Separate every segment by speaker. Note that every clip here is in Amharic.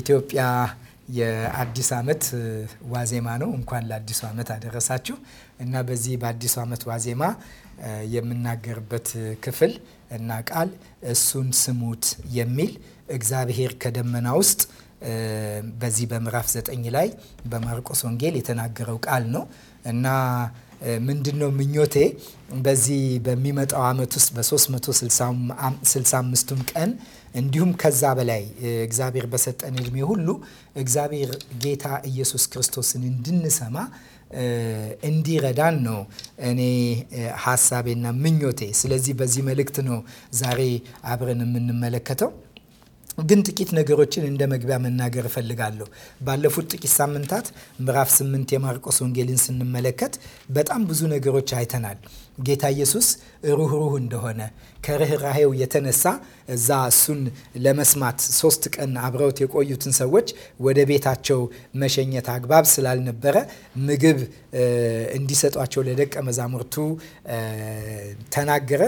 Speaker 1: ኢትዮጵያ የአዲስ ዓመት ዋዜማ ነው። እንኳን ለአዲሱ ዓመት አደረሳችሁ እና በዚህ በአዲሱ ዓመት ዋዜማ የምናገርበት ክፍል እና ቃል እሱን ስሙት የሚል እግዚአብሔር ከደመና ውስጥ በዚህ በምዕራፍ ዘጠኝ ላይ በማርቆስ ወንጌል የተናገረው ቃል ነው እና ምንድን ነው ምኞቴ በዚህ በሚመጣው ዓመት ውስጥ በ365ቱም ቀን እንዲሁም ከዛ በላይ እግዚአብሔር በሰጠን ዕድሜ ሁሉ እግዚአብሔር ጌታ ኢየሱስ ክርስቶስን እንድንሰማ እንዲረዳን ነው እኔ ሀሳቤና ምኞቴ። ስለዚህ በዚህ መልእክት ነው ዛሬ አብረን የምንመለከተው። ግን ጥቂት ነገሮችን እንደ መግቢያ መናገር እፈልጋለሁ። ባለፉት ጥቂት ሳምንታት ምዕራፍ ስምንት የማርቆስ ወንጌልን ስንመለከት በጣም ብዙ ነገሮች አይተናል። ጌታ ኢየሱስ ሩህሩህ እንደሆነ ከርኅራሄው የተነሳ እዛ እሱን ለመስማት ሶስት ቀን አብረውት የቆዩትን ሰዎች ወደ ቤታቸው መሸኘት አግባብ ስላልነበረ ምግብ እንዲሰጧቸው ለደቀ መዛሙርቱ ተናገረ።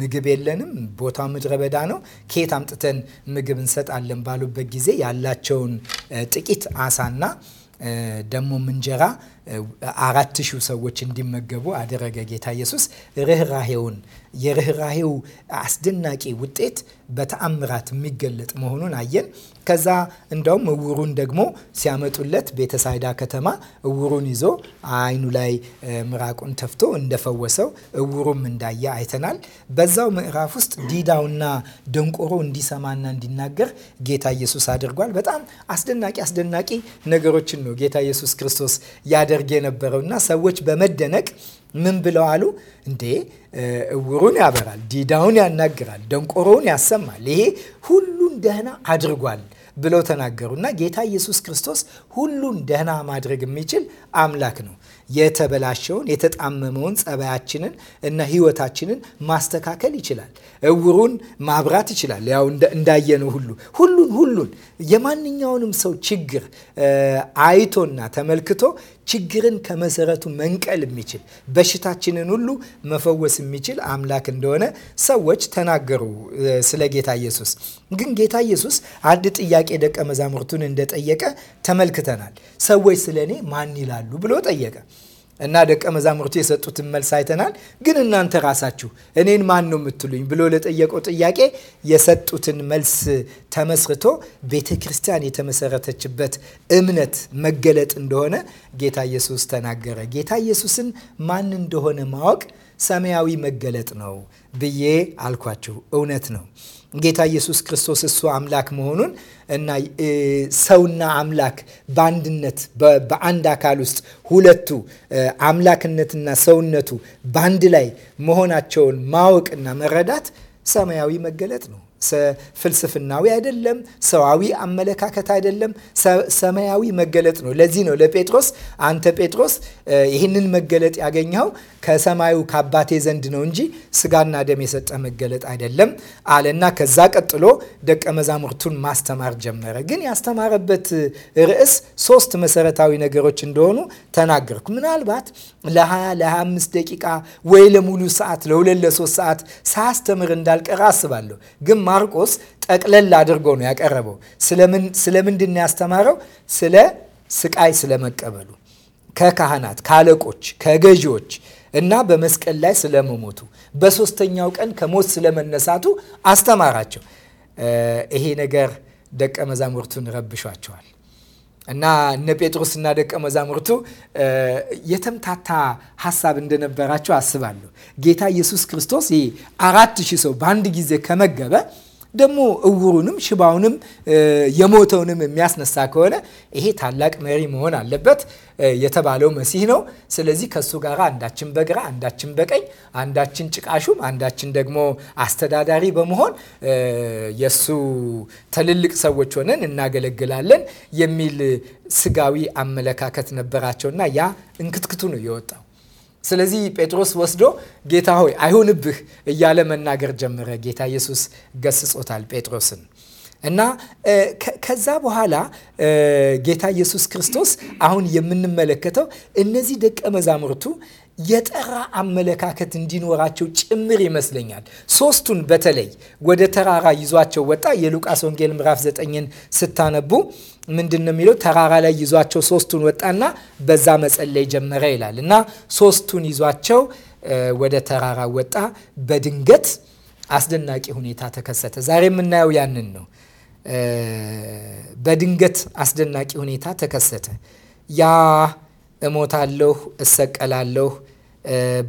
Speaker 1: ምግብ የለንም፣ ቦታ ምድረ በዳ ነው፣ ከየት አምጥተን ምግብ እንሰጣለን ባሉበት ጊዜ ያላቸውን ጥቂት አሳና ደግሞም እንጀራ አራት ሺህ ሰዎች እንዲመገቡ አደረገ ጌታ ኢየሱስ። ርኅራሄውን የርኅራሄው አስደናቂ ውጤት በተአምራት የሚገለጥ መሆኑን አየን። ከዛ እንደውም እውሩን ደግሞ ሲያመጡለት ቤተሳይዳ ከተማ እውሩን ይዞ አይኑ ላይ ምራቁን ተፍቶ እንደፈወሰው እውሩም እንዳየ አይተናል። በዛው ምዕራፍ ውስጥ ዲዳውና ደንቆሮ እንዲሰማና እንዲናገር ጌታ ኢየሱስ አድርጓል። በጣም አስደናቂ አስደናቂ ነገሮችን ነው ጌታ ኢየሱስ ክርስቶስ ያደርግ የነበረው እና ሰዎች በመደነቅ ምን ብለው አሉ እንዴ እውሩን ያበራል፣ ዲዳውን ያናግራል፣ ደንቆሮውን ያሰማል፣ ይሄ ሁሉን ደህና አድርጓል ብለው ተናገሩ እና ጌታ ኢየሱስ ክርስቶስ ሁሉን ደህና ማድረግ የሚችል አምላክ ነው። የተበላሸውን የተጣመመውን ጸባያችንን እና ህይወታችንን ማስተካከል ይችላል። እውሩን ማብራት ይችላል። ያው እንዳየነው ሁሉ ሁሉን ሁሉን የማንኛውንም ሰው ችግር አይቶና ተመልክቶ ችግርን ከመሰረቱ መንቀል የሚችል በሽታችንን ሁሉ መፈወስ የሚችል አምላክ እንደሆነ ሰዎች ተናገሩ ስለ ጌታ ኢየሱስ። ግን ጌታ ኢየሱስ አንድ ጥያቄ ደቀ መዛሙርቱን እንደጠየቀ ተመልክተናል። ሰዎች ስለ እኔ ማን ይላሉ ብሎ ጠየቀ። እና ደቀ መዛሙርቱ የሰጡትን መልስ አይተናል። ግን እናንተ ራሳችሁ እኔን ማን ነው የምትሉኝ ብሎ ለጠየቀው ጥያቄ የሰጡትን መልስ ተመስርቶ ቤተ ክርስቲያን የተመሰረተችበት እምነት መገለጥ እንደሆነ ጌታ ኢየሱስ ተናገረ። ጌታ ኢየሱስን ማን እንደሆነ ማወቅ ሰማያዊ መገለጥ ነው ብዬ አልኳችሁ። እውነት ነው። ጌታ ኢየሱስ ክርስቶስ እሱ አምላክ መሆኑን እና ሰውና አምላክ በአንድነት በአንድ አካል ውስጥ ሁለቱ አምላክነትና ሰውነቱ በአንድ ላይ መሆናቸውን ማወቅና መረዳት ሰማያዊ መገለጥ ነው። ፍልስፍናዊ አይደለም፣ ሰዋዊ አመለካከት አይደለም፣ ሰማያዊ መገለጥ ነው። ለዚህ ነው ለጴጥሮስ አንተ ጴጥሮስ ይህንን መገለጥ ያገኘኸው ከሰማዩ ከአባቴ ዘንድ ነው እንጂ ስጋና ደም የሰጠ መገለጥ አይደለም አለና ከዛ ቀጥሎ ደቀ መዛሙርቱን ማስተማር ጀመረ። ግን ያስተማረበት ርዕስ ሶስት መሰረታዊ ነገሮች እንደሆኑ ተናገርኩ። ምናልባት ለ20 ለ25 ደቂቃ ወይ ለሙሉ ሰዓት ለሁለት ለሶስት ሰዓት ሳያስተምር እንዳልቀረ አስባለሁ ግን ማርቆስ ጠቅለል አድርጎ ነው ያቀረበው። ስለምንድን ነው ያስተማረው? ስለ ስቃይ ስለመቀበሉ ከካህናት ከአለቆች፣ ከገዢዎች እና በመስቀል ላይ ስለመሞቱ በሶስተኛው ቀን ከሞት ስለመነሳቱ አስተማራቸው። ይሄ ነገር ደቀ መዛሙርቱን ረብሿቸዋል። እና እነ እና ደቀ መዛሙርቱ የተምታታ ሀሳብ እንደነበራቸው አስባለሁ። ጌታ ኢየሱስ ክርስቶስ ይህ አራት ሺህ ሰው በአንድ ጊዜ ከመገበ ደግሞ እውሩንም ሽባውንም የሞተውንም የሚያስነሳ ከሆነ ይሄ ታላቅ መሪ መሆን አለበት የተባለው መሲህ ነው። ስለዚህ ከእሱ ጋር አንዳችን በግራ አንዳችን በቀኝ አንዳችን ጭቃሹም አንዳችን ደግሞ አስተዳዳሪ በመሆን የእሱ ትልልቅ ሰዎች ሆነን እናገለግላለን የሚል ስጋዊ አመለካከት ነበራቸውና ያ እንክትክቱ ነው የወጣው። ስለዚህ ጴጥሮስ ወስዶ ጌታ ሆይ አይሁንብህ እያለ መናገር ጀመረ። ጌታ ኢየሱስ ገስጾታል ጴጥሮስን። እና ከዛ በኋላ ጌታ ኢየሱስ ክርስቶስ አሁን የምንመለከተው እነዚህ ደቀ መዛሙርቱ የጠራ አመለካከት እንዲኖራቸው ጭምር ይመስለኛል። ሶስቱን በተለይ ወደ ተራራ ይዟቸው ወጣ። የሉቃስ ወንጌል ምዕራፍ ዘጠኝን ስታነቡ ምንድን ነው የሚለው? ተራራ ላይ ይዟቸው ሶስቱን ወጣና በዛ መጸለይ ጀመረ ይላል እና ሶስቱን ይዟቸው ወደ ተራራ ወጣ። በድንገት አስደናቂ ሁኔታ ተከሰተ። ዛሬ የምናየው ያንን ነው። በድንገት አስደናቂ ሁኔታ ተከሰተ። ያ እሞታለሁ፣ እሰቀላለሁ፣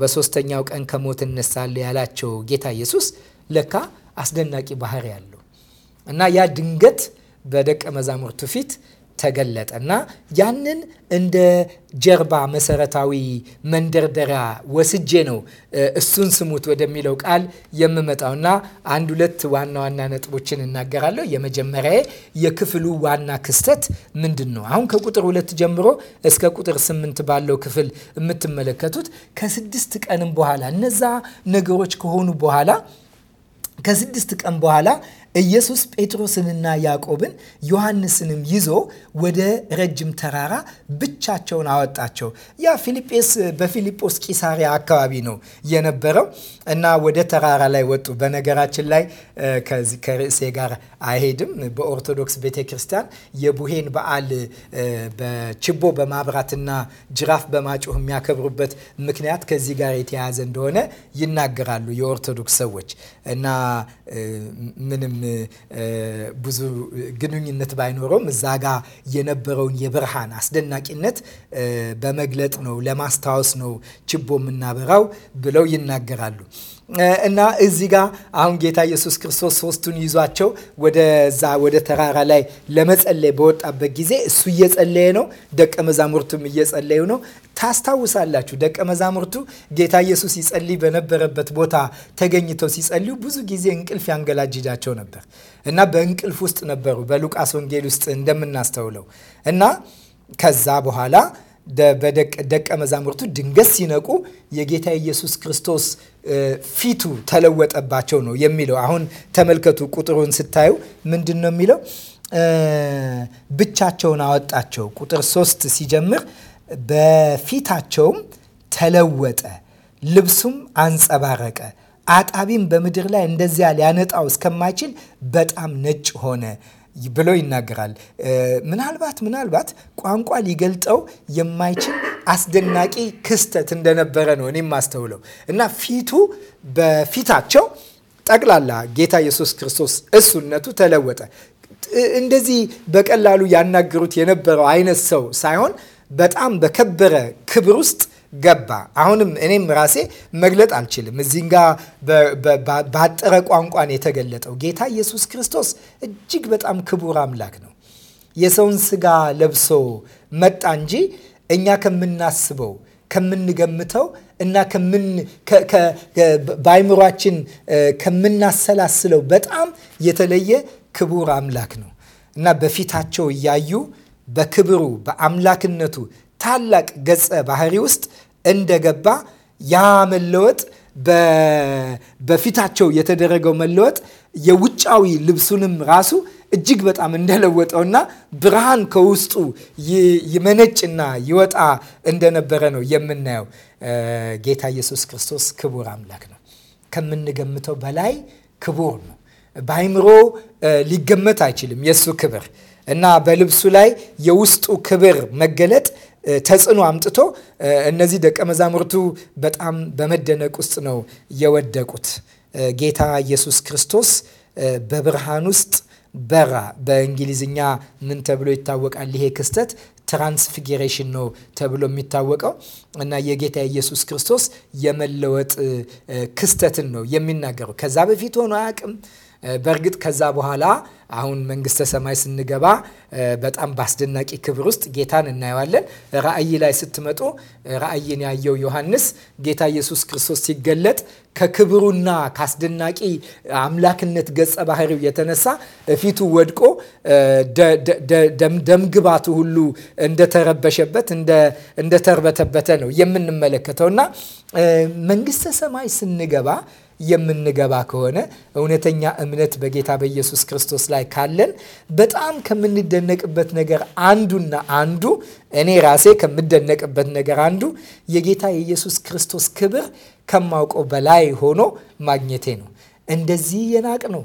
Speaker 1: በሶስተኛው ቀን ከሞት እነሳለ ያላቸው ጌታ ኢየሱስ ለካ አስደናቂ ባህሪ ያለው እና ያ ድንገት በደቀ መዛሙርቱ ፊት ተገለጠ እና ያንን እንደ ጀርባ መሰረታዊ መንደርደሪያ ወስጄ ነው እሱን ስሙት ወደሚለው ቃል የምመጣው እና አንድ ሁለት ዋና ዋና ነጥቦችን እናገራለሁ። የመጀመሪያ የክፍሉ ዋና ክስተት ምንድን ነው? አሁን ከቁጥር ሁለት ጀምሮ እስከ ቁጥር ስምንት ባለው ክፍል የምትመለከቱት ከስድስት ቀንም በኋላ እነዛ ነገሮች ከሆኑ በኋላ ከስድስት ቀን በኋላ ኢየሱስ ጴጥሮስንና ያዕቆብን ዮሐንስንም ይዞ ወደ ረጅም ተራራ ብቻቸውን አወጣቸው። ያ ፊልጴስ በፊልጶስ ቂሳሪያ አካባቢ ነው የነበረው እና ወደ ተራራ ላይ ወጡ። በነገራችን ላይ ከርዕሴ ጋር አይሄድም። በኦርቶዶክስ ቤተክርስቲያን የቡሄን በዓል በችቦ በማብራትና ጅራፍ በማጮህ የሚያከብሩበት ምክንያት ከዚህ ጋር የተያያዘ እንደሆነ ይናገራሉ የኦርቶዶክስ ሰዎች እና ምንም ብዙ ግንኙነት ባይኖረውም እዛ ጋ የነበረውን የብርሃን አስደናቂነት በመግለጥ ነው፣ ለማስታወስ ነው ችቦ የምናበራው ብለው ይናገራሉ። እና እዚህ ጋ አሁን ጌታ ኢየሱስ ክርስቶስ ሶስቱን ይዟቸው ወደዛ ወደ ተራራ ላይ ለመጸለይ በወጣበት ጊዜ እሱ እየጸለየ ነው፣ ደቀ መዛሙርቱም እየጸለዩ ነው። ታስታውሳላችሁ፣ ደቀ መዛሙርቱ ጌታ ኢየሱስ ይጸልይ በነበረበት ቦታ ተገኝተው ሲጸልዩ ብዙ ጊዜ እንቅልፍ ያንገላጅዳቸው ነበር እና በእንቅልፍ ውስጥ ነበሩ በሉቃስ ወንጌል ውስጥ እንደምናስተውለው እና ከዛ በኋላ ደቀ መዛሙርቱ ድንገት ሲነቁ የጌታ ኢየሱስ ክርስቶስ ፊቱ ተለወጠባቸው ነው የሚለው። አሁን ተመልከቱ ቁጥሩን ስታዩ ምንድን ነው የሚለው? ብቻቸውን አወጣቸው። ቁጥር ሶስት ሲጀምር በፊታቸውም ተለወጠ፣ ልብሱም አንጸባረቀ፣ አጣቢም በምድር ላይ እንደዚያ ሊያነጣው እስከማይችል በጣም ነጭ ሆነ። ብሎ ይናገራል። ምናልባት ምናልባት ቋንቋ ሊገልጠው የማይችል አስደናቂ ክስተት እንደነበረ ነው እኔም ማስተውለው እና ፊቱ በፊታቸው ጠቅላላ ጌታ ኢየሱስ ክርስቶስ እሱነቱ ተለወጠ። እንደዚህ በቀላሉ ያናገሩት የነበረው አይነት ሰው ሳይሆን በጣም በከበረ ክብር ውስጥ ገባ። አሁንም እኔም ራሴ መግለጥ አልችልም። እዚህ ጋ ባጠረ ቋንቋን የተገለጠው ጌታ ኢየሱስ ክርስቶስ እጅግ በጣም ክቡር አምላክ ነው። የሰውን ስጋ ለብሶ መጣ እንጂ እኛ ከምናስበው ከምንገምተው እና በአይምሯችን ከምናሰላስለው በጣም የተለየ ክቡር አምላክ ነው እና በፊታቸው እያዩ በክብሩ በአምላክነቱ ታላቅ ገጸ ባህሪ ውስጥ እንደገባ ያ መለወጥ በፊታቸው የተደረገው መለወጥ የውጫዊ ልብሱንም ራሱ እጅግ በጣም እንደለወጠውና ብርሃን ከውስጡ ይመነጭና ይወጣ እንደነበረ ነው የምናየው። ጌታ ኢየሱስ ክርስቶስ ክቡር አምላክ ነው። ከምንገምተው በላይ ክቡር ነው። በአይምሮ ሊገመት አይችልም የእሱ ክብር እና በልብሱ ላይ የውስጡ ክብር መገለጥ ተጽዕኖ አምጥቶ እነዚህ ደቀ መዛሙርቱ በጣም በመደነቅ ውስጥ ነው የወደቁት። ጌታ ኢየሱስ ክርስቶስ በብርሃን ውስጥ በራ። በእንግሊዝኛ ምን ተብሎ ይታወቃል? ይሄ ክስተት ትራንስፊጌሬሽን ነው ተብሎ የሚታወቀው እና የጌታ ኢየሱስ ክርስቶስ የመለወጥ ክስተትን ነው የሚናገረው። ከዛ በፊት ሆኖ አያውቅም። በእርግጥ ከዛ በኋላ አሁን መንግስተ ሰማይ ስንገባ በጣም በአስደናቂ ክብር ውስጥ ጌታን እናየዋለን። ራእይ ላይ ስትመጡ ራእይን ያየው ዮሐንስ ጌታ ኢየሱስ ክርስቶስ ሲገለጥ ከክብሩና ከአስደናቂ አምላክነት ገጸ ባህሪው የተነሳ እፊቱ ወድቆ ደምግባቱ ሁሉ እንደተረበሸበት እንደተርበተበተ ነው የምንመለከተው እና መንግስተ ሰማይ ስንገባ የምንገባ ከሆነ እውነተኛ እምነት በጌታ በኢየሱስ ክርስቶስ ላይ ካለን በጣም ከምንደነቅበት ነገር አንዱና አንዱ እኔ ራሴ ከምደነቅበት ነገር አንዱ የጌታ የኢየሱስ ክርስቶስ ክብር ከማውቀው በላይ ሆኖ ማግኘቴ ነው። እንደዚህ የናቅ ነው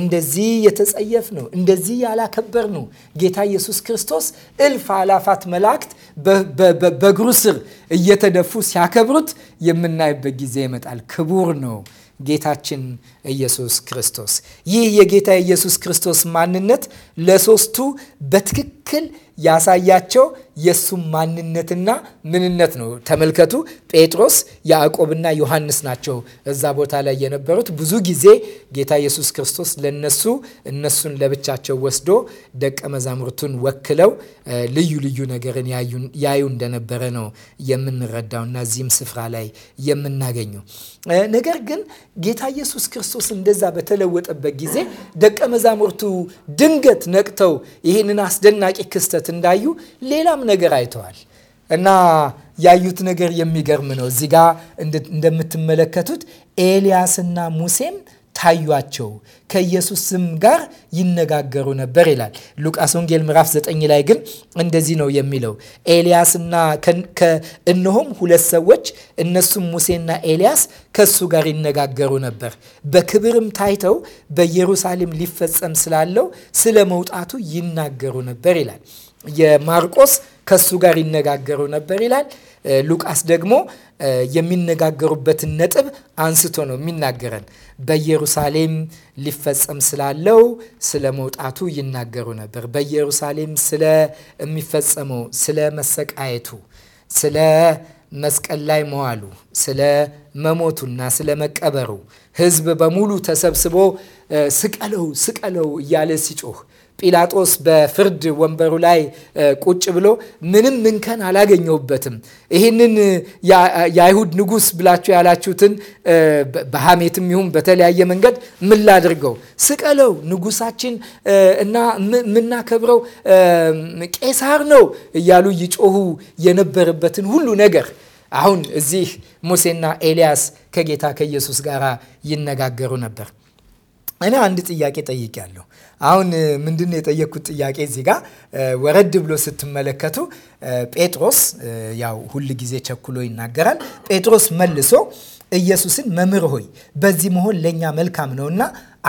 Speaker 1: እንደዚህ የተጸየፍ ነው፣ እንደዚህ ያላከበር ነው ጌታ ኢየሱስ ክርስቶስ እልፍ አላፋት መላእክት በእግሩ ስር እየተደፉ ሲያከብሩት የምናይበት ጊዜ ይመጣል። ክቡር ነው ጌታችን ኢየሱስ ክርስቶስ። ይህ የጌታ ኢየሱስ ክርስቶስ ማንነት ለሶስቱ በትክክል ያሳያቸው የእሱም ማንነትና ምንነት ነው። ተመልከቱ፣ ጴጥሮስ ያዕቆብና ዮሐንስ ናቸው እዛ ቦታ ላይ የነበሩት። ብዙ ጊዜ ጌታ ኢየሱስ ክርስቶስ ለነሱ እነሱን ለብቻቸው ወስዶ ደቀ መዛሙርቱን ወክለው ልዩ ልዩ ነገርን ያዩ እንደነበረ ነው የምንረዳው እና እዚህም ስፍራ ላይ የምናገኘው ነገር ግን ጌታ ኢየሱስ ክርስቶስ እንደዛ በተለወጠበት ጊዜ ደቀ መዛሙርቱ ድንገት ነቅተው ይህንን አስደናቂ ክስተት እንዳዩ ሌላም ነገር አይተዋል እና ያዩት ነገር የሚገርም ነው። እዚህ ጋ እንደምትመለከቱት ኤልያስና ሙሴም ታዩአቸው ከኢየሱስም ጋር ይነጋገሩ ነበር ይላል። ሉቃስ ወንጌል ምዕራፍ 9 ላይ ግን እንደዚህ ነው የሚለው ኤልያስና እነሆም ሁለት ሰዎች እነሱም ሙሴና ኤልያስ ከሱ ጋር ይነጋገሩ ነበር። በክብርም ታይተው በኢየሩሳሌም ሊፈጸም ስላለው ስለ መውጣቱ ይናገሩ ነበር ይላል የማርቆስ ከሱ ጋር ይነጋገሩ ነበር ይላል። ሉቃስ ደግሞ የሚነጋገሩበትን ነጥብ አንስቶ ነው የሚናገረን። በኢየሩሳሌም ሊፈጸም ስላለው ስለ መውጣቱ ይናገሩ ነበር። በኢየሩሳሌም ስለሚፈጸመው ስለ መሰቃየቱ፣ ስለ መስቀል ላይ መዋሉ፣ ስለ መሞቱና ስለ መቀበሩ ህዝብ በሙሉ ተሰብስቦ ስቀለው ስቀለው እያለ ሲጮህ ጲላጦስ በፍርድ ወንበሩ ላይ ቁጭ ብሎ ምንም ምንከን አላገኘሁበትም፣ ይህንን የአይሁድ ንጉሥ ብላችሁ ያላችሁትን በሐሜትም ይሁን በተለያየ መንገድ ምን ላድርገው? ስቀለው፣ ንጉሳችን እና የምናከብረው ቄሳር ነው እያሉ ይጮሁ የነበረበትን ሁሉ ነገር አሁን እዚህ ሙሴና ኤልያስ ከጌታ ከኢየሱስ ጋር ይነጋገሩ ነበር። እኔ አንድ ጥያቄ ጠይቄያለሁ። አሁን ምንድነው የጠየቅኩት ጥያቄ እዚህ ጋር ወረድ ብሎ ስትመለከቱ ጴጥሮስ ያው ሁል ጊዜ ቸኩሎ ይናገራል። ጴጥሮስ መልሶ ኢየሱስን መምህር ሆይ በዚህ መሆን ለእኛ መልካም ነውና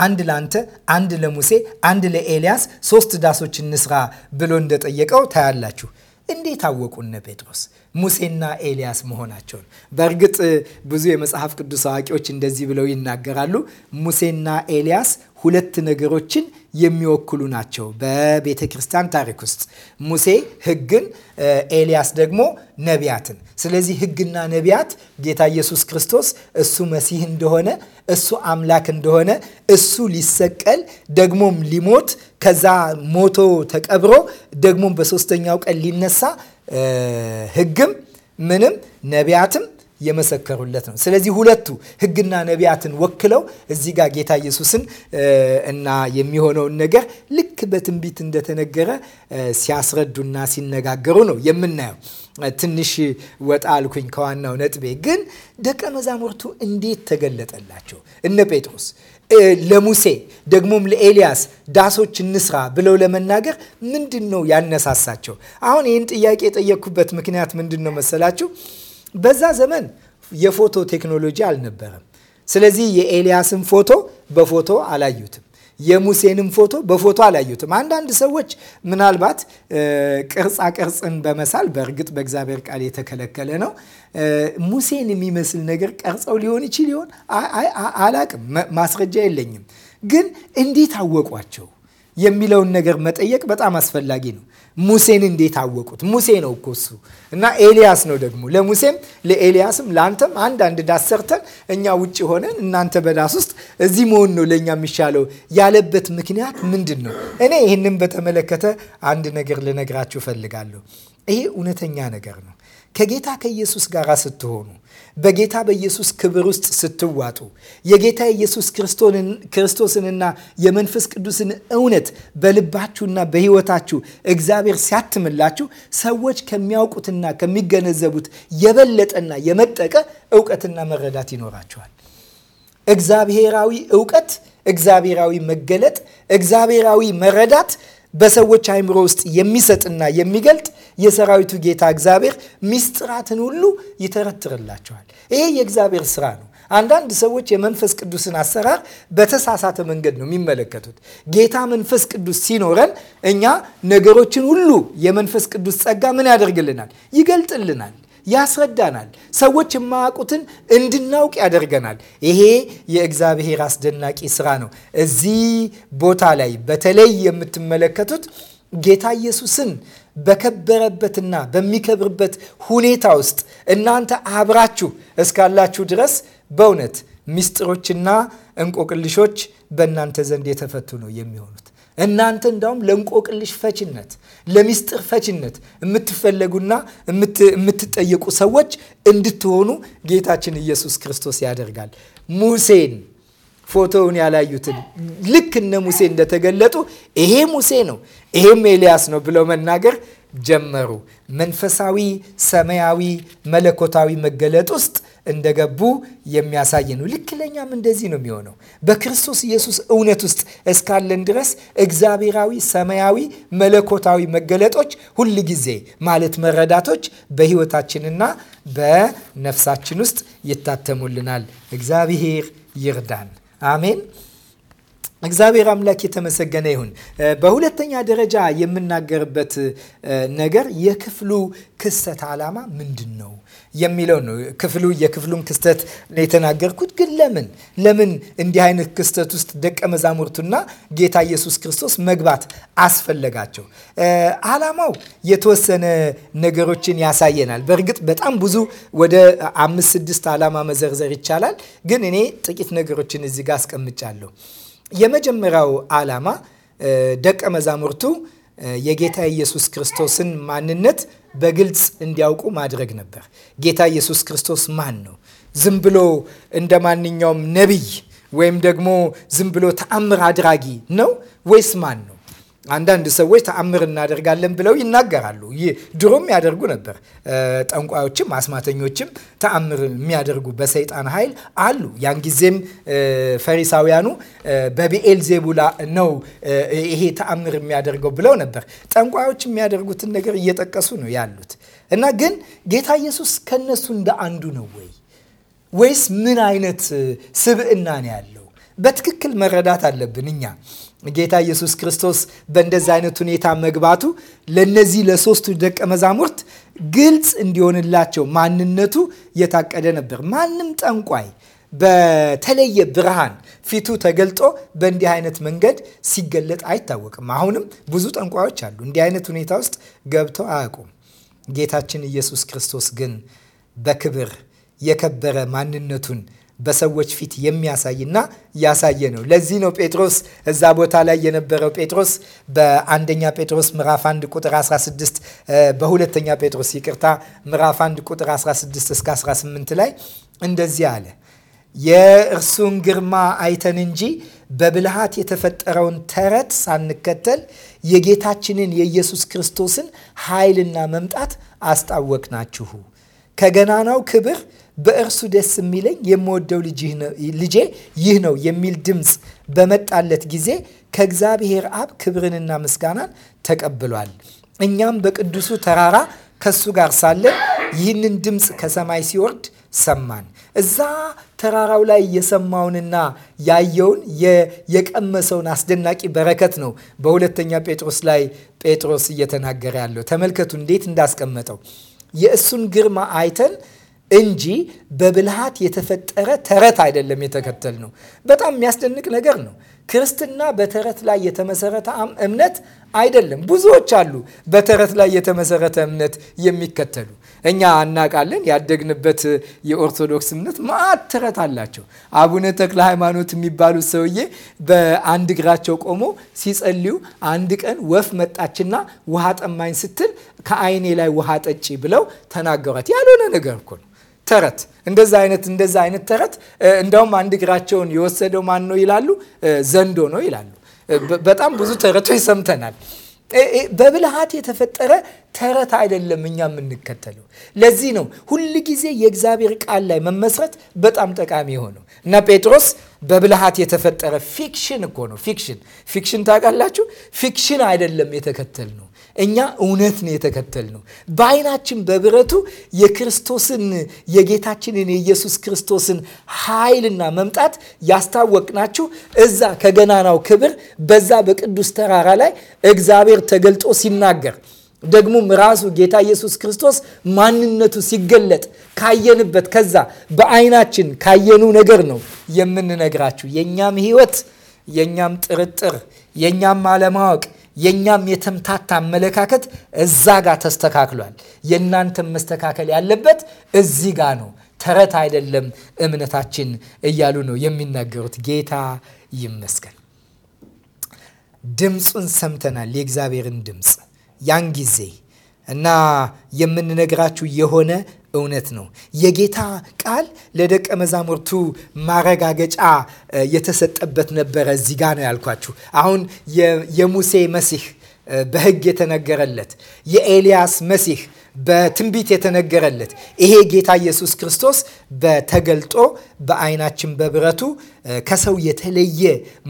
Speaker 1: አንድ ለአንተ፣ አንድ ለሙሴ፣ አንድ ለኤልያስ ሶስት ዳሶች እንስራ ብሎ እንደጠየቀው ታያላችሁ። እንዴት አወቁነ ጴጥሮስ ሙሴና ኤልያስ መሆናቸውን። በእርግጥ ብዙ የመጽሐፍ ቅዱስ አዋቂዎች እንደዚህ ብለው ይናገራሉ። ሙሴና ኤልያስ ሁለት ነገሮችን የሚወክሉ ናቸው በቤተ ክርስቲያን ታሪክ ውስጥ። ሙሴ ሕግን፣ ኤልያስ ደግሞ ነቢያትን። ስለዚህ ሕግና ነቢያት ጌታ ኢየሱስ ክርስቶስ እሱ መሲህ እንደሆነ፣ እሱ አምላክ እንደሆነ፣ እሱ ሊሰቀል ደግሞም ሊሞት ከዛ ሞቶ ተቀብሮ ደግሞም በሶስተኛው ቀን ሊነሳ ህግም ምንም ነቢያትም የመሰከሩለት ነው። ስለዚህ ሁለቱ ህግና ነቢያትን ወክለው እዚህ ጋር ጌታ ኢየሱስን እና የሚሆነውን ነገር ልክ በትንቢት እንደተነገረ ሲያስረዱና ሲነጋገሩ ነው የምናየው። ትንሽ ወጣ አልኩኝ ከዋናው ነጥቤ። ግን ደቀ መዛሙርቱ እንዴት ተገለጠላቸው? እነ ጴጥሮስ ለሙሴ ደግሞም ለኤልያስ ዳሶች እንስራ ብለው ለመናገር ምንድን ነው ያነሳሳቸው? አሁን ይህን ጥያቄ የጠየቅኩበት ምክንያት ምንድን ነው መሰላችሁ? በዛ ዘመን የፎቶ ቴክኖሎጂ አልነበረም። ስለዚህ የኤልያስን ፎቶ በፎቶ አላዩትም። የሙሴንም ፎቶ በፎቶ አላዩትም። አንዳንድ ሰዎች ምናልባት ቅርጻ ቅርጽን በመሳል በእርግጥ በእግዚአብሔር ቃል የተከለከለ ነው። ሙሴን የሚመስል ነገር ቀርጸው ሊሆን ይችል ይሆን አላቅም፣ ማስረጃ የለኝም። ግን እንዴት አወቋቸው? የሚለውን ነገር መጠየቅ በጣም አስፈላጊ ነው። ሙሴን እንዴት አወቁት? ሙሴ ነው እኮ እሱ እና ኤልያስ ነው ደግሞ። ለሙሴም ለኤልያስም ለአንተም አንድ ዳስ ሰርተን እኛ ውጭ ሆነን እናንተ በዳስ ውስጥ እዚህ መሆን ነው ለእኛ የሚሻለው ያለበት ምክንያት ምንድን ነው? እኔ ይህንም በተመለከተ አንድ ነገር ልነግራችሁ እፈልጋለሁ። ይሄ እውነተኛ ነገር ነው። ከጌታ ከኢየሱስ ጋር ስትሆኑ በጌታ በኢየሱስ ክብር ውስጥ ስትዋጡ የጌታ ኢየሱስ ክርስቶስንና የመንፈስ ቅዱስን እውነት በልባችሁና በሕይወታችሁ እግዚአብሔር ሲያትምላችሁ ሰዎች ከሚያውቁትና ከሚገነዘቡት የበለጠና የመጠቀ እውቀትና መረዳት ይኖራቸዋል። እግዚአብሔራዊ እውቀት፣ እግዚአብሔራዊ መገለጥ፣ እግዚአብሔራዊ መረዳት በሰዎች አይምሮ ውስጥ የሚሰጥና የሚገልጥ የሰራዊቱ ጌታ እግዚአብሔር ሚስጥራትን ሁሉ ይተረትርላቸዋል። ይሄ የእግዚአብሔር ስራ ነው። አንዳንድ ሰዎች የመንፈስ ቅዱስን አሰራር በተሳሳተ መንገድ ነው የሚመለከቱት። ጌታ መንፈስ ቅዱስ ሲኖረን እኛ ነገሮችን ሁሉ የመንፈስ ቅዱስ ጸጋ ምን ያደርግልናል? ይገልጥልናል። ያስረዳናል። ሰዎች የማያውቁትን እንድናውቅ ያደርገናል። ይሄ የእግዚአብሔር አስደናቂ ስራ ነው። እዚህ ቦታ ላይ በተለይ የምትመለከቱት ጌታ ኢየሱስን በከበረበትና በሚከብርበት ሁኔታ ውስጥ እናንተ አብራችሁ እስካላችሁ ድረስ በእውነት ምስጢሮችና እንቆቅልሾች በእናንተ ዘንድ የተፈቱ ነው የሚሆኑት። እናንተ እንዳውም ለእንቆቅልሽ ፈችነት፣ ለሚስጥር ፈችነት የምትፈለጉና የምትጠየቁ ሰዎች እንድትሆኑ ጌታችን ኢየሱስ ክርስቶስ ያደርጋል። ሙሴን ፎቶውን ያላዩትን ልክ እነ ሙሴ እንደተገለጡ ይሄ ሙሴ ነው፣ ይሄም ኤልያስ ነው ብለው መናገር ጀመሩ። መንፈሳዊ ሰማያዊ መለኮታዊ መገለጥ ውስጥ እንደገቡ የሚያሳይ ነው። ልክ ለእኛም እንደዚህ ነው የሚሆነው። በክርስቶስ ኢየሱስ እውነት ውስጥ እስካለን ድረስ እግዚአብሔራዊ፣ ሰማያዊ፣ መለኮታዊ መገለጦች ሁል ጊዜ ማለት መረዳቶች በሕይወታችንና በነፍሳችን ውስጥ ይታተሙልናል። እግዚአብሔር ይርዳን። አሜን። እግዚአብሔር አምላክ የተመሰገነ ይሁን። በሁለተኛ ደረጃ የምናገርበት ነገር የክፍሉ ክስተት ዓላማ ምንድን ነው የሚለው ነው። ክፍሉ የክፍሉን ክስተት የተናገርኩት ግን ለምን ለምን እንዲህ አይነት ክስተት ውስጥ ደቀ መዛሙርቱና ጌታ ኢየሱስ ክርስቶስ መግባት አስፈለጋቸው? ዓላማው የተወሰነ ነገሮችን ያሳየናል። በእርግጥ በጣም ብዙ ወደ አምስት ስድስት ዓላማ መዘርዘር ይቻላል፣ ግን እኔ ጥቂት ነገሮችን እዚህ ጋር አስቀምጫለሁ። የመጀመሪያው ዓላማ ደቀ መዛሙርቱ የጌታ ኢየሱስ ክርስቶስን ማንነት በግልጽ እንዲያውቁ ማድረግ ነበር። ጌታ ኢየሱስ ክርስቶስ ማን ነው? ዝም ብሎ እንደ ማንኛውም ነቢይ ወይም ደግሞ ዝም ብሎ ተአምር አድራጊ ነው ወይስ ማን ነው? አንዳንድ ሰዎች ተአምር እናደርጋለን ብለው ይናገራሉ። ድሮም ያደርጉ ነበር። ጠንቋዮችም አስማተኞችም ተአምር የሚያደርጉ በሰይጣን ኃይል አሉ። ያን ጊዜም ፈሪሳውያኑ በብኤል ዜቡላ ነው ይሄ ተአምር የሚያደርገው ብለው ነበር። ጠንቋዮች የሚያደርጉትን ነገር እየጠቀሱ ነው ያሉት እና ግን ጌታ ኢየሱስ ከነሱ እንደ አንዱ ነው ወይ ወይስ ምን አይነት ስብዕና ነው ያለው? በትክክል መረዳት አለብን እኛ ጌታ ኢየሱስ ክርስቶስ በእንደዚህ አይነት ሁኔታ መግባቱ ለነዚህ ለሶስቱ ደቀ መዛሙርት ግልጽ እንዲሆንላቸው ማንነቱ የታቀደ ነበር። ማንም ጠንቋይ በተለየ ብርሃን ፊቱ ተገልጦ በእንዲህ አይነት መንገድ ሲገለጥ አይታወቅም። አሁንም ብዙ ጠንቋዮች አሉ፣ እንዲህ አይነት ሁኔታ ውስጥ ገብተው አያውቁም። ጌታችን ኢየሱስ ክርስቶስ ግን በክብር የከበረ ማንነቱን በሰዎች ፊት የሚያሳይና ያሳየ ነው። ለዚህ ነው ጴጥሮስ እዛ ቦታ ላይ የነበረው ጴጥሮስ በአንደኛ ጴጥሮስ ምዕራፍ 1 ቁጥር 16 በሁለተኛ ጴጥሮስ ይቅርታ ምዕራፍ 1 ቁጥር 16 እስከ 18 ላይ እንደዚህ አለ። የእርሱን ግርማ አይተን እንጂ በብልሃት የተፈጠረውን ተረት ሳንከተል የጌታችንን የኢየሱስ ክርስቶስን ኃይልና መምጣት አስታወቅናችሁ። ከገናናው ክብር በእርሱ ደስ የሚለኝ የምወደው ልጄ ይህ ነው የሚል ድምፅ በመጣለት ጊዜ ከእግዚአብሔር አብ ክብርንና ምስጋናን ተቀብሏል። እኛም በቅዱሱ ተራራ ከሱ ጋር ሳለን ይህንን ድምፅ ከሰማይ ሲወርድ ሰማን። እዛ ተራራው ላይ የሰማውንና ያየውን የቀመሰውን አስደናቂ በረከት ነው በሁለተኛ ጴጥሮስ ላይ ጴጥሮስ እየተናገረ ያለው። ተመልከቱ እንዴት እንዳስቀመጠው የእሱን ግርማ አይተን እንጂ በብልሃት የተፈጠረ ተረት አይደለም የተከተል ነው። በጣም የሚያስደንቅ ነገር ነው። ክርስትና በተረት ላይ የተመሰረተ እምነት አይደለም። ብዙዎች አሉ በተረት ላይ የተመሰረተ እምነት የሚከተሉ እኛ እናውቃለን ያደግንበት የኦርቶዶክስ እምነት ማዕት ተረት አላቸው። አቡነ ተክለ ሃይማኖት የሚባሉት ሰውዬ በአንድ እግራቸው ቆሞ ሲጸልዩ አንድ ቀን ወፍ መጣችና ውሃ ጠማኝ ስትል ከአይኔ ላይ ውሃ ጠጪ ብለው ተናገሯት። ያልሆነ ነገር እኮ ነው ተረት እንደዛ አይነት እንደዛ አይነት ተረት። እንደውም አንድ እግራቸውን የወሰደው ማን ነው ይላሉ፣ ዘንዶ ነው ይላሉ። በጣም ብዙ ተረቶች ሰምተናል። በብልሃት የተፈጠረ ተረት አይደለም እኛ የምንከተለው። ለዚህ ነው ሁል ጊዜ የእግዚአብሔር ቃል ላይ መመስረት በጣም ጠቃሚ የሆነው እና ጴጥሮስ በብልሃት የተፈጠረ ፊክሽን እኮ ነው ፊክሽን ፊክሽን ታውቃላችሁ። ፊክሽን አይደለም የተከተል ነው እኛ እውነት ነው ነው። በአይናችን በብረቱ የክርስቶስን የጌታችንን የኢየሱስ ክርስቶስን ኃይልና መምጣት ያስታወቅናችሁ እዛ ከገናናው ክብር በዛ በቅዱስ ተራራ ላይ እግዚአብሔር ተገልጦ ሲናገር ደግሞም ራሱ ጌታ ኢየሱስ ክርስቶስ ማንነቱ ሲገለጥ ካየንበት ከዛ በአይናችን ካየኑ ነገር ነው የምንነግራችሁ። የእኛም ህይወት የእኛም ጥርጥር የእኛም አለማወቅ የእኛም የተምታታ አመለካከት እዛ ጋር ተስተካክሏል። የእናንተም መስተካከል ያለበት እዚህ ጋር ነው። ተረት አይደለም እምነታችን እያሉ ነው የሚናገሩት። ጌታ ይመስገን። ድምፁን ሰምተናል፣ የእግዚአብሔርን ድምፅ ያን ጊዜ እና የምንነግራችሁ የሆነ እውነት ነው። የጌታ ቃል ለደቀ መዛሙርቱ ማረጋገጫ የተሰጠበት ነበረ። እዚህ ጋ ነው ያልኳችሁ። አሁን የሙሴ መሲህ በሕግ የተነገረለት የኤልያስ መሲህ በትንቢት የተነገረለት ይሄ ጌታ ኢየሱስ ክርስቶስ በተገልጦ በዓይናችን በብረቱ ከሰው የተለየ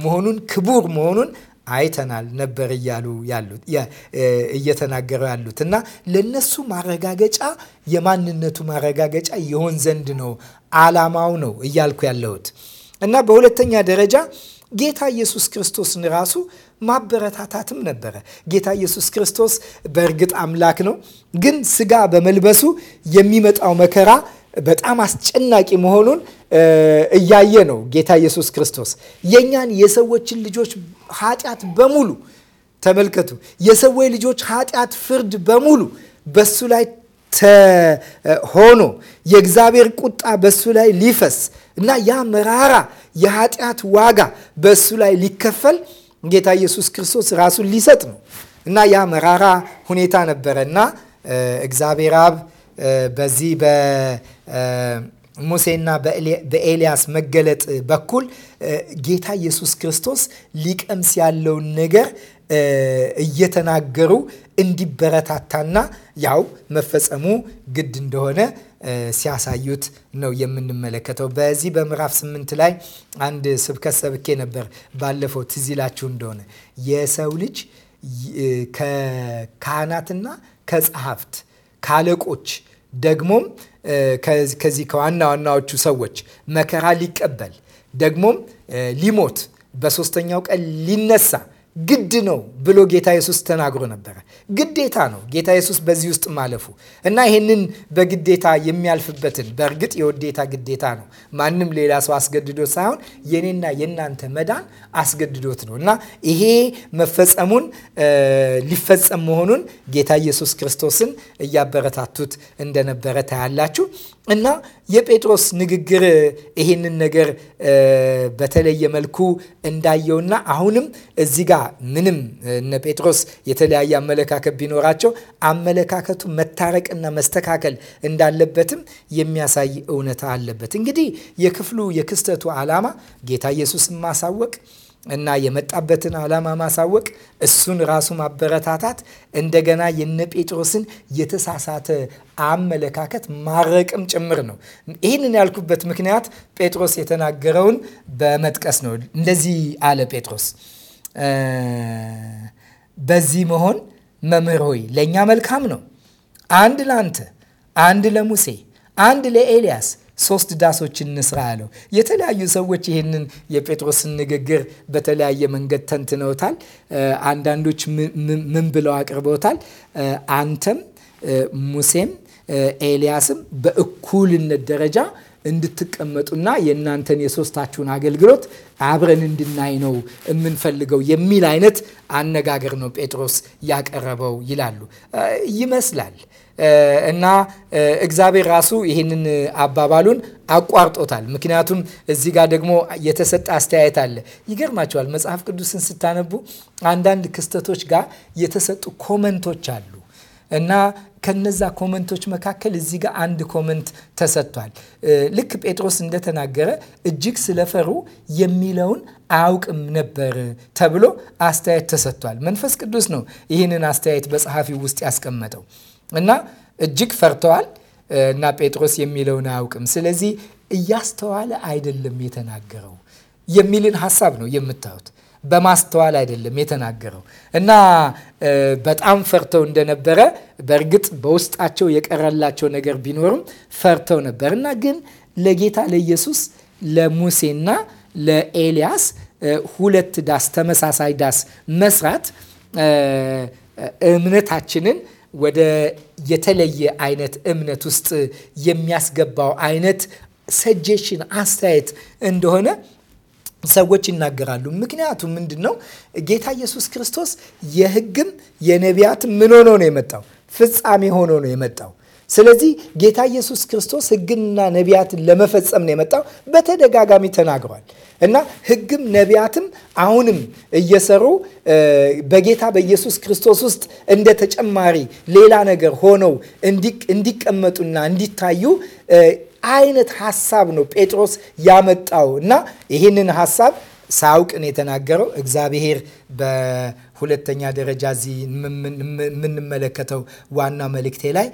Speaker 1: መሆኑን ክቡር መሆኑን አይተናል ነበር እያሉ ያሉት እየተናገረው ያሉት እና ለነሱ ማረጋገጫ የማንነቱ ማረጋገጫ የሆን ዘንድ ነው አላማው ነው እያልኩ ያለሁት እና በሁለተኛ ደረጃ ጌታ ኢየሱስ ክርስቶስን ራሱ ማበረታታትም ነበረ። ጌታ ኢየሱስ ክርስቶስ በእርግጥ አምላክ ነው፣ ግን ስጋ በመልበሱ የሚመጣው መከራ በጣም አስጨናቂ መሆኑን እያየ ነው ጌታ ኢየሱስ ክርስቶስ የእኛን የሰዎችን ልጆች ኃጢአት በሙሉ ተመልከቱ። የሰዎች ልጆች ኃጢአት ፍርድ በሙሉ በሱ ላይ ሆኖ የእግዚአብሔር ቁጣ በሱ ላይ ሊፈስ እና ያ መራራ የኃጢአት ዋጋ በሱ ላይ ሊከፈል ጌታ ኢየሱስ ክርስቶስ ራሱን ሊሰጥ ነው እና ያ መራራ ሁኔታ ነበረ እና እግዚአብሔር አብ በዚህ ሙሴና በኤልያስ መገለጥ በኩል ጌታ ኢየሱስ ክርስቶስ ሊቀምስ ያለውን ነገር እየተናገሩ እንዲበረታታና ያው መፈጸሙ ግድ እንደሆነ ሲያሳዩት ነው የምንመለከተው። በዚህ በምዕራፍ ስምንት ላይ አንድ ስብከት ሰብኬ ነበር ባለፈው ትዝ ይላችሁ እንደሆነ የሰው ልጅ ከካህናትና ከጸሐፍት ካለቆች ደግሞም ከዚህ ከዋና ዋናዎቹ ሰዎች መከራ ሊቀበል ደግሞም ሊሞት በሶስተኛው ቀን ሊነሳ ግድ ነው ብሎ ጌታ ኢየሱስ ተናግሮ ነበረ። ግዴታ ነው ጌታ ኢየሱስ በዚህ ውስጥ ማለፉ እና ይህንን በግዴታ የሚያልፍበትን በእርግጥ የውዴታ ግዴታ ነው። ማንም ሌላ ሰው አስገድዶ ሳይሆን የኔና የእናንተ መዳን አስገድዶት ነው እና ይሄ መፈጸሙን ሊፈጸም መሆኑን ጌታ ኢየሱስ ክርስቶስን እያበረታቱት እንደነበረ ታያላችሁ። እና የጴጥሮስ ንግግር ይሄንን ነገር በተለየ መልኩ እንዳየውና አሁንም እዚህ ጋር ምንም እነ ጴጥሮስ የተለያየ አመለካከት ቢኖራቸው አመለካከቱ መታረቅና መስተካከል እንዳለበትም የሚያሳይ እውነታ አለበት። እንግዲህ የክፍሉ የክስተቱ ዓላማ ጌታ ኢየሱስን ማሳወቅ እና የመጣበትን ዓላማ ማሳወቅ፣ እሱን ራሱ ማበረታታት፣ እንደገና የነ ጴጥሮስን የተሳሳተ አመለካከት ማረቅም ጭምር ነው። ይህንን ያልኩበት ምክንያት ጴጥሮስ የተናገረውን በመጥቀስ ነው። እንደዚህ አለ ጴጥሮስ በዚህ መሆን መምህር ሆይ ለእኛ መልካም ነው። አንድ ለአንተ፣ አንድ ለሙሴ፣ አንድ ለኤልያስ ሶስት ዳሶችን እንስራ አለው። የተለያዩ ሰዎች ይህንን የጴጥሮስን ንግግር በተለያየ መንገድ ተንትነውታል። አንዳንዶች ምን ብለው አቅርበውታል? አንተም ሙሴም ኤልያስም በእኩልነት ደረጃ እንድትቀመጡና የእናንተን የሶስታችሁን አገልግሎት አብረን እንድናይ ነው የምንፈልገው የሚል አይነት አነጋገር ነው ጴጥሮስ ያቀረበው ይላሉ ይመስላል። እና እግዚአብሔር ራሱ ይህንን አባባሉን አቋርጦታል። ምክንያቱም እዚህ ጋር ደግሞ የተሰጠ አስተያየት አለ። ይገርማቸዋል። መጽሐፍ ቅዱስን ስታነቡ አንዳንድ ክስተቶች ጋር የተሰጡ ኮመንቶች አሉ እና ከነዛ ኮመንቶች መካከል እዚህ ጋር አንድ ኮመንት ተሰጥቷል። ልክ ጴጥሮስ እንደተናገረ እጅግ ስለፈሩ የሚለውን አያውቅም ነበር ተብሎ አስተያየት ተሰጥቷል። መንፈስ ቅዱስ ነው ይህንን አስተያየት በጸሐፊው ውስጥ ያስቀመጠው። እና እጅግ ፈርተዋል እና ጴጥሮስ የሚለውን አያውቅም። ስለዚህ እያስተዋለ አይደለም የተናገረው የሚልን ሀሳብ ነው የምታዩት። በማስተዋል አይደለም የተናገረው እና በጣም ፈርተው እንደነበረ በእርግጥ በውስጣቸው የቀረላቸው ነገር ቢኖርም ፈርተው ነበር እና ግን ለጌታ ለኢየሱስ ለሙሴና ለኤልያስ ሁለት ዳስ ተመሳሳይ ዳስ መስራት እምነታችንን ወደ የተለየ አይነት እምነት ውስጥ የሚያስገባው አይነት ሰጀሽን አስተያየት እንደሆነ ሰዎች ይናገራሉ። ምክንያቱም ምንድን ነው ጌታ ኢየሱስ ክርስቶስ የሕግም የነቢያት ምን ሆኖ ነው የመጣው? ፍጻሜ ሆኖ ነው የመጣው። ስለዚህ ጌታ ኢየሱስ ክርስቶስ ሕግንና ነቢያትን ለመፈጸም ነው የመጣው። በተደጋጋሚ ተናግሯል እና ሕግም ነቢያትም አሁንም እየሰሩ በጌታ በኢየሱስ ክርስቶስ ውስጥ እንደ ተጨማሪ ሌላ ነገር ሆነው እንዲቀመጡና እንዲታዩ አይነት ሀሳብ ነው ጴጥሮስ ያመጣው እና ይህንን ሀሳብ ሳያውቅ ነው የተናገረው። እግዚአብሔር ሁለተኛ ደረጃ እዚህ የምንመለከተው ዋና መልእክቴ ላይ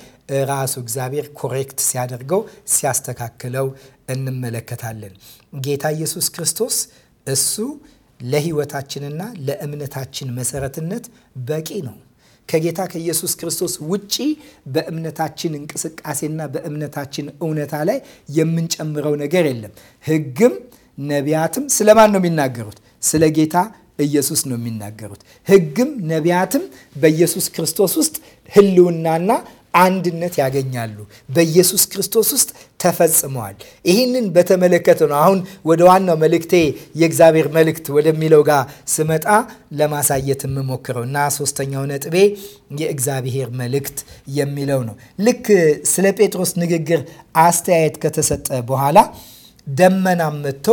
Speaker 1: ራሱ እግዚአብሔር ኮሬክት ሲያደርገው ሲያስተካክለው እንመለከታለን። ጌታ ኢየሱስ ክርስቶስ እሱ ለሕይወታችንና ለእምነታችን መሰረትነት በቂ ነው። ከጌታ ከኢየሱስ ክርስቶስ ውጪ በእምነታችን እንቅስቃሴና በእምነታችን እውነታ ላይ የምንጨምረው ነገር የለም። ሕግም ነቢያትም ስለማን ነው የሚናገሩት? ስለ ጌታ ኢየሱስ ነው የሚናገሩት። ህግም ነቢያትም በኢየሱስ ክርስቶስ ውስጥ ህልውናና አንድነት ያገኛሉ። በኢየሱስ ክርስቶስ ውስጥ ተፈጽመዋል። ይህንን በተመለከተ ነው አሁን ወደ ዋናው መልእክቴ የእግዚአብሔር መልእክት ወደሚለው ጋር ስመጣ ለማሳየት የምሞክረው እና ሶስተኛው ነጥቤ የእግዚአብሔር መልእክት የሚለው ነው። ልክ ስለ ጴጥሮስ ንግግር አስተያየት ከተሰጠ በኋላ ደመናም መጥቶ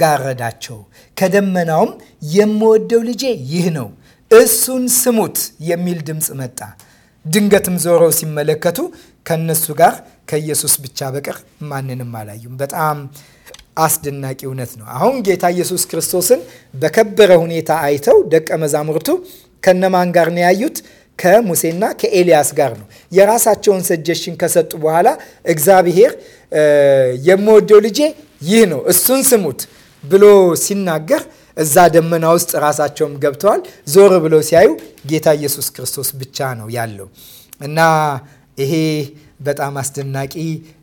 Speaker 1: ጋረዳቸው። ከደመናውም የምወደው ልጄ ይህ ነው እሱን ስሙት የሚል ድምፅ መጣ። ድንገትም ዞረው ሲመለከቱ ከነሱ ጋር ከኢየሱስ ብቻ በቀር ማንንም አላዩም። በጣም አስደናቂ እውነት ነው። አሁን ጌታ ኢየሱስ ክርስቶስን በከበረ ሁኔታ አይተው ደቀ መዛሙርቱ ከነማን ጋር ነው ያዩት? ከሙሴና ከኤልያስ ጋር ነው። የራሳቸውን ሰጀሽን ከሰጡ በኋላ እግዚአብሔር የምወደው ልጄ ይህ ነው እሱን ስሙት ብሎ ሲናገር እዛ ደመና ውስጥ ራሳቸውም ገብተዋል። ዞር ብለው ሲያዩ ጌታ ኢየሱስ ክርስቶስ ብቻ ነው ያለው እና ይሄ በጣም አስደናቂ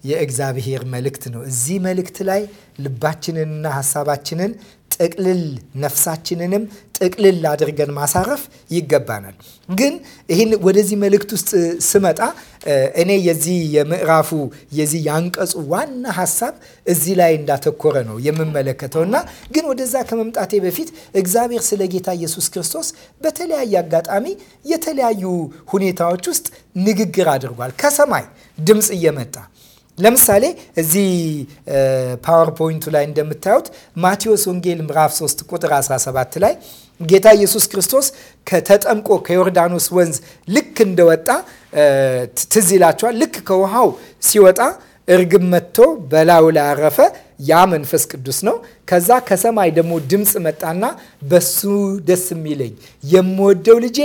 Speaker 1: የእግዚአብሔር መልእክት ነው። እዚህ መልእክት ላይ ልባችንንና ሀሳባችንን ጥቅልል ነፍሳችንንም ጥቅልል አድርገን ማሳረፍ ይገባናል። ግን ይህን ወደዚህ መልእክት ውስጥ ስመጣ እኔ የዚህ የምዕራፉ የዚህ የአንቀጹ ዋና ሀሳብ እዚህ ላይ እንዳተኮረ ነው የምመለከተው እና ግን ወደዛ ከመምጣቴ በፊት እግዚአብሔር ስለ ጌታ ኢየሱስ ክርስቶስ በተለያየ አጋጣሚ የተለያዩ ሁኔታዎች ውስጥ ንግግር አድርጓል። ከሰማይ ድምፅ እየመጣ ለምሳሌ እዚህ ፓወርፖይንቱ ላይ እንደምታዩት ማቴዎስ ወንጌል ምዕራፍ 3 ቁጥር 17 ላይ ጌታ ኢየሱስ ክርስቶስ ከተጠምቆ ከዮርዳኖስ ወንዝ ልክ እንደወጣ ትዝ ይላችኋል። ልክ ከውሃው ሲወጣ እርግብ መጥቶ በላዩ ላይ አረፈ። ያ መንፈስ ቅዱስ ነው። ከዛ ከሰማይ ደግሞ ድምፅ መጣና በሱ ደስ የሚለኝ የምወደው ልጄ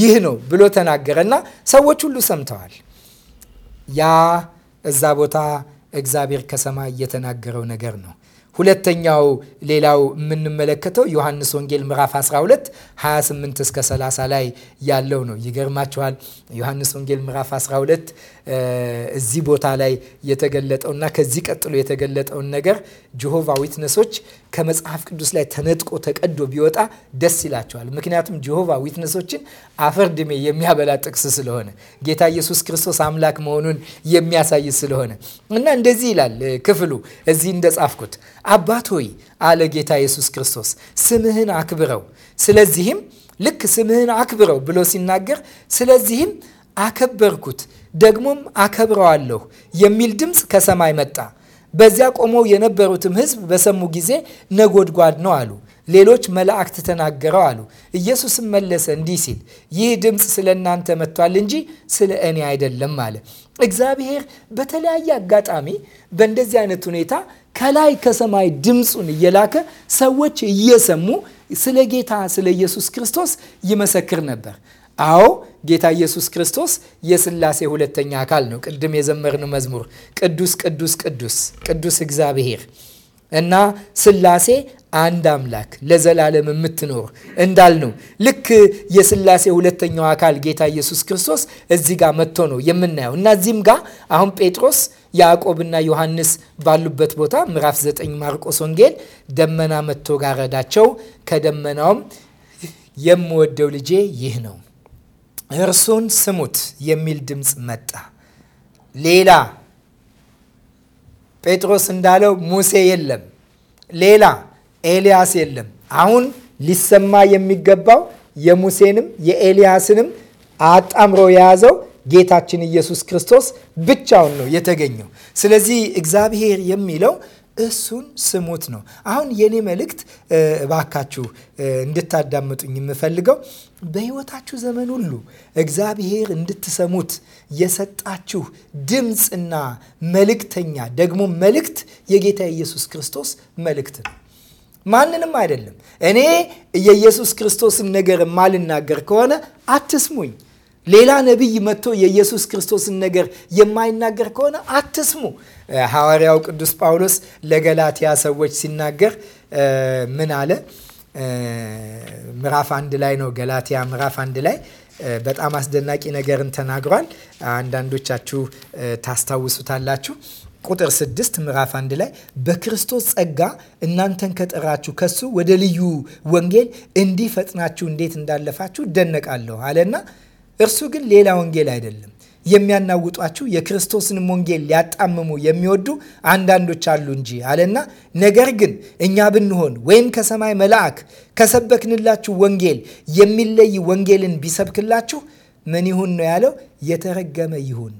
Speaker 1: ይህ ነው ብሎ ተናገረና ሰዎች ሁሉ ሰምተዋል። ያ እዛ ቦታ እግዚአብሔር ከሰማይ እየተናገረው ነገር ነው። ሁለተኛው ሌላው የምንመለከተው ዮሐንስ ወንጌል ምዕራፍ 12 28 እስከ 30 ላይ ያለው ነው። ይገርማችኋል። ዮሐንስ ወንጌል ምዕራፍ 12 እዚህ ቦታ ላይ የተገለጠውና ከዚህ ቀጥሎ የተገለጠውን ነገር ጆሆቫ ዊትነሶች ከመጽሐፍ ቅዱስ ላይ ተነጥቆ ተቀዶ ቢወጣ ደስ ይላቸዋል። ምክንያቱም ጀሆቫ ዊትነሶችን አፈር ድሜ የሚያበላ ጥቅስ ስለሆነ ጌታ ኢየሱስ ክርስቶስ አምላክ መሆኑን የሚያሳይ ስለሆነ እና እንደዚህ ይላል ክፍሉ እዚህ እንደጻፍኩት አባት ሆይ አለ ጌታ ኢየሱስ ክርስቶስ ስምህን አክብረው። ስለዚህም ልክ ስምህን አክብረው ብሎ ሲናገር ስለዚህም አከበርኩት ደግሞም አከብረዋለሁ የሚል ድምፅ ከሰማይ መጣ። በዚያ ቆመው የነበሩትም ህዝብ በሰሙ ጊዜ ነጎድጓድ ነው አሉ። ሌሎች መላእክት ተናገረው አሉ። ኢየሱስም መለሰ እንዲህ ሲል ይህ ድምፅ ስለ እናንተ መጥቷል እንጂ ስለ እኔ አይደለም አለ። እግዚአብሔር በተለያየ አጋጣሚ በእንደዚህ አይነት ሁኔታ ከላይ ከሰማይ ድምፁን እየላከ ሰዎች እየሰሙ ስለ ጌታ ስለ ኢየሱስ ክርስቶስ ይመሰክር ነበር። አዎ ጌታ ኢየሱስ ክርስቶስ የስላሴ ሁለተኛ አካል ነው። ቅድም የዘመርነው መዝሙር ቅዱስ ቅዱስ ቅዱስ ቅዱስ እግዚአብሔር እና ስላሴ አንድ አምላክ ለዘላለም የምትኖር እንዳልነው ልክ የስላሴ ሁለተኛው አካል ጌታ ኢየሱስ ክርስቶስ እዚህ ጋር መጥቶ ነው የምናየው እና እዚህም ጋር አሁን ጴጥሮስ ያዕቆብና ዮሐንስ ባሉበት ቦታ ምዕራፍ 9 ማርቆስ ወንጌል ደመና መጥቶ ጋረዳቸው፣ ከደመናውም የምወደው ልጄ ይህ ነው እርሱን ስሙት የሚል ድምፅ መጣ። ሌላ ጴጥሮስ እንዳለው ሙሴ የለም፣ ሌላ ኤልያስ የለም። አሁን ሊሰማ የሚገባው የሙሴንም የኤልያስንም አጣምሮ የያዘው ጌታችን ኢየሱስ ክርስቶስ ብቻውን ነው የተገኘው። ስለዚህ እግዚአብሔር የሚለው እሱን ስሙት ነው። አሁን የኔ መልእክት እባካችሁ እንድታዳምጡኝ የምፈልገው በሕይወታችሁ ዘመን ሁሉ እግዚአብሔር እንድትሰሙት የሰጣችሁ ድምፅና መልእክተኛ ደግሞ መልእክት የጌታ የኢየሱስ ክርስቶስ መልእክት ነው። ማንንም አይደለም። እኔ የኢየሱስ ክርስቶስን ነገር የማልናገር ከሆነ አትስሙኝ። ሌላ ነቢይ መጥቶ የኢየሱስ ክርስቶስን ነገር የማይናገር ከሆነ አትስሙ። ሐዋርያው ቅዱስ ጳውሎስ ለገላትያ ሰዎች ሲናገር ምን አለ? ምዕራፍ አንድ ላይ ነው። ገላትያ ምዕራፍ አንድ ላይ በጣም አስደናቂ ነገርን ተናግሯል። አንዳንዶቻችሁ ታስታውሱታላችሁ። ቁጥር ስድስት ምዕራፍ አንድ ላይ በክርስቶስ ጸጋ እናንተን ከጠራችሁ ከሱ ወደ ልዩ ወንጌል እንዲህ ፈጥናችሁ እንዴት እንዳለፋችሁ እደነቃለሁ አለና እርሱ ግን ሌላ ወንጌል አይደለም። የሚያናውጧችሁ የክርስቶስንም ወንጌል ሊያጣምሙ የሚወዱ አንዳንዶች አሉ እንጂ አለና፣ ነገር ግን እኛ ብንሆን ወይም ከሰማይ መልአክ ከሰበክንላችሁ ወንጌል የሚለይ ወንጌልን ቢሰብክላችሁ ምን ይሁን ነው ያለው? የተረገመ ይሁን።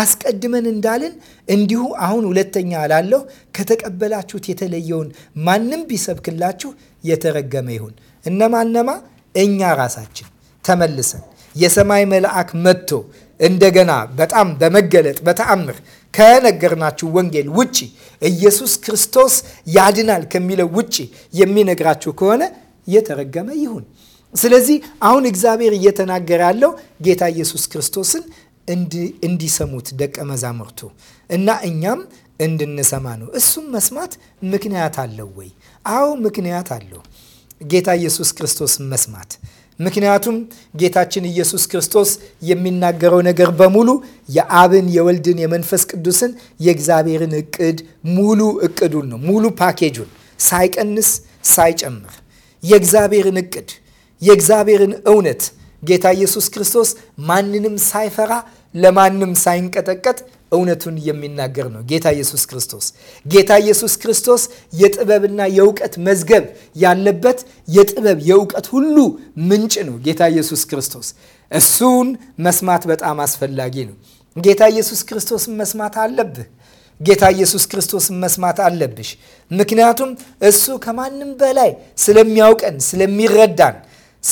Speaker 1: አስቀድመን እንዳልን እንዲሁ አሁን ሁለተኛ እላለሁ፣ ከተቀበላችሁት የተለየውን ማንም ቢሰብክላችሁ የተረገመ ይሁን። እነማነማ? እኛ ራሳችን ተመልሰን የሰማይ መልአክ መጥቶ እንደገና በጣም በመገለጥ በተአምር ከነገርናችሁ ወንጌል ውጪ ኢየሱስ ክርስቶስ ያድናል ከሚለው ውጪ የሚነግራችሁ ከሆነ የተረገመ ይሁን። ስለዚህ አሁን እግዚአብሔር እየተናገረ ያለው ጌታ ኢየሱስ ክርስቶስን እንዲሰሙት ደቀ መዛሙርቱ እና እኛም እንድንሰማ ነው። እሱም መስማት ምክንያት አለው ወይ? አዎ ምክንያት አለው። ጌታ ኢየሱስ ክርስቶስን መስማት ምክንያቱም ጌታችን ኢየሱስ ክርስቶስ የሚናገረው ነገር በሙሉ የአብን የወልድን የመንፈስ ቅዱስን የእግዚአብሔርን እቅድ ሙሉ እቅዱን ነው። ሙሉ ፓኬጁን ሳይቀንስ ሳይጨምር የእግዚአብሔርን እቅድ የእግዚአብሔርን እውነት ጌታ ኢየሱስ ክርስቶስ ማንንም ሳይፈራ ለማንም ሳይንቀጠቀጥ እውነቱን የሚናገር ነው። ጌታ ኢየሱስ ክርስቶስ ጌታ ኢየሱስ ክርስቶስ የጥበብና የእውቀት መዝገብ ያለበት የጥበብ የእውቀት ሁሉ ምንጭ ነው። ጌታ ኢየሱስ ክርስቶስ እሱን መስማት በጣም አስፈላጊ ነው። ጌታ ኢየሱስ ክርስቶስን መስማት አለብህ። ጌታ ኢየሱስ ክርስቶስን መስማት አለብሽ። ምክንያቱም እሱ ከማንም በላይ ስለሚያውቀን፣ ስለሚረዳን፣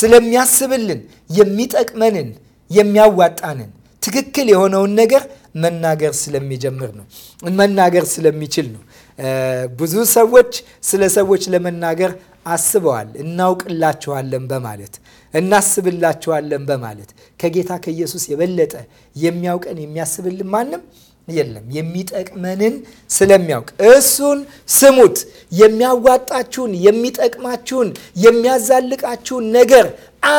Speaker 1: ስለሚያስብልን፣ የሚጠቅመንን፣ የሚያዋጣንን ትክክል የሆነውን ነገር መናገር ስለሚጀምር ነው። መናገር ስለሚችል ነው። ብዙ ሰዎች ስለ ሰዎች ለመናገር አስበዋል። እናውቅላችኋለን በማለት እናስብላችኋለን በማለት ከጌታ ከኢየሱስ የበለጠ የሚያውቀን የሚያስብልን ማንም የለም። የሚጠቅመንን ስለሚያውቅ እሱን ስሙት። የሚያዋጣችሁን፣ የሚጠቅማችሁን፣ የሚያዛልቃችሁን ነገር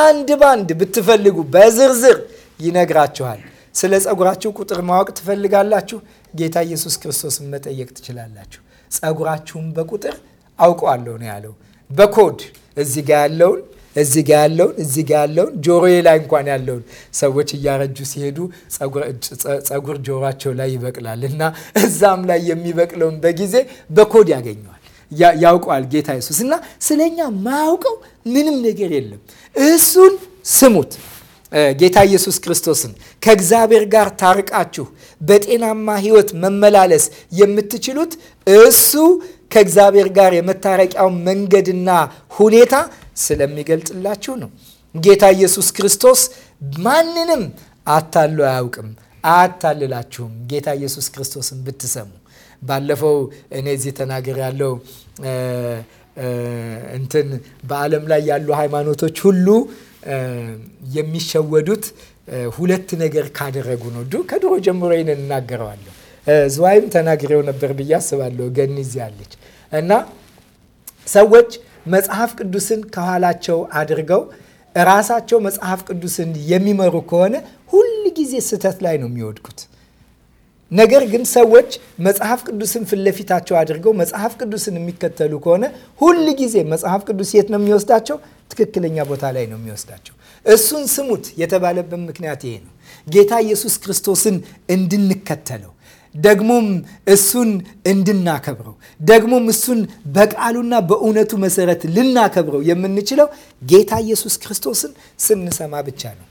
Speaker 1: አንድ ባንድ ብትፈልጉ በዝርዝር ይነግራችኋል። ስለ ጸጉራችሁ ቁጥር ማወቅ ትፈልጋላችሁ? ጌታ ኢየሱስ ክርስቶስን መጠየቅ ትችላላችሁ። ጸጉራችሁን በቁጥር አውቀዋለሁ ነው ያለው። በኮድ እዚህ ጋ ያለውን እዚህ ጋ ያለውን እዚህ ጋ ያለውን ጆሮዬ ላይ እንኳን ያለውን ሰዎች እያረጁ ሲሄዱ ጸጉር ጆሯቸው ላይ ይበቅላል እና እዛም ላይ የሚበቅለውን በጊዜ በኮድ ያገኘዋል ያውቀዋል ጌታ ኢየሱስ እና ስለኛ ማያውቀው ምንም ነገር የለም። እሱን ስሙት። ጌታ ኢየሱስ ክርስቶስን ከእግዚአብሔር ጋር ታርቃችሁ በጤናማ ሕይወት መመላለስ የምትችሉት እሱ ከእግዚአብሔር ጋር የመታረቂያው መንገድና ሁኔታ ስለሚገልጥላችሁ ነው። ጌታ ኢየሱስ ክርስቶስ ማንንም አታሎ አያውቅም፣ አያታልላችሁም። ጌታ ኢየሱስ ክርስቶስን ብትሰሙ ባለፈው እኔ እዚህ ተናገር ያለው እንትን በዓለም ላይ ያሉ ሃይማኖቶች ሁሉ የሚሸወዱት ሁለት ነገር ካደረጉ ነው። ከድሮ ጀምሮ ይን እናገረዋለሁ። ዝዋይም ተናግሬው ነበር ብዬ አስባለሁ። ገን እዚህ እና ሰዎች መጽሐፍ ቅዱስን ከኋላቸው አድርገው ራሳቸው መጽሐፍ ቅዱስን የሚመሩ ከሆነ ሁል ጊዜ ስህተት ላይ ነው የሚወድቁት። ነገር ግን ሰዎች መጽሐፍ ቅዱስን ፊት ለፊታቸው አድርገው መጽሐፍ ቅዱስን የሚከተሉ ከሆነ ሁል ጊዜ መጽሐፍ ቅዱስ የት ነው የሚወስዳቸው? ትክክለኛ ቦታ ላይ ነው የሚወስዳቸው። እሱን ስሙት የተባለበት ምክንያት ይሄ ነው። ጌታ ኢየሱስ ክርስቶስን እንድንከተለው ደግሞም እሱን እንድናከብረው ደግሞም እሱን በቃሉና በእውነቱ መሰረት ልናከብረው የምንችለው ጌታ ኢየሱስ ክርስቶስን ስንሰማ ብቻ ነው።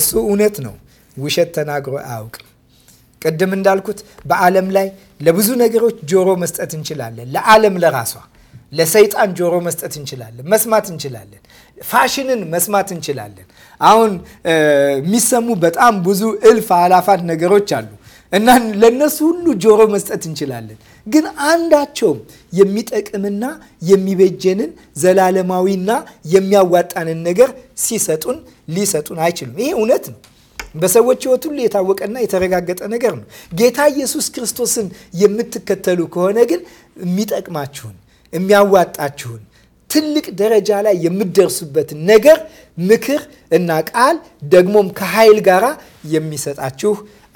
Speaker 1: እሱ እውነት ነው፣ ውሸት ተናግሮ አያውቅም። ቅድም እንዳልኩት በዓለም ላይ ለብዙ ነገሮች ጆሮ መስጠት እንችላለን። ለዓለም ለራሷ ለሰይጣን ጆሮ መስጠት እንችላለን፣ መስማት እንችላለን፣ ፋሽንን መስማት እንችላለን። አሁን የሚሰሙ በጣም ብዙ እልፍ አላፋት ነገሮች አሉ እና ለእነሱ ሁሉ ጆሮ መስጠት እንችላለን። ግን አንዳቸውም የሚጠቅምና የሚበጀንን ዘላለማዊና የሚያዋጣንን ነገር ሲሰጡን ሊሰጡን አይችሉም። ይሄ እውነት ነው። በሰዎች ህይወት ሁሉ የታወቀና የተረጋገጠ ነገር ነው። ጌታ ኢየሱስ ክርስቶስን የምትከተሉ ከሆነ ግን የሚጠቅማችሁን የሚያዋጣችሁን ትልቅ ደረጃ ላይ የምደርሱበት ነገር ምክር እና ቃል ደግሞም ከኃይል ጋር የሚሰጣችሁ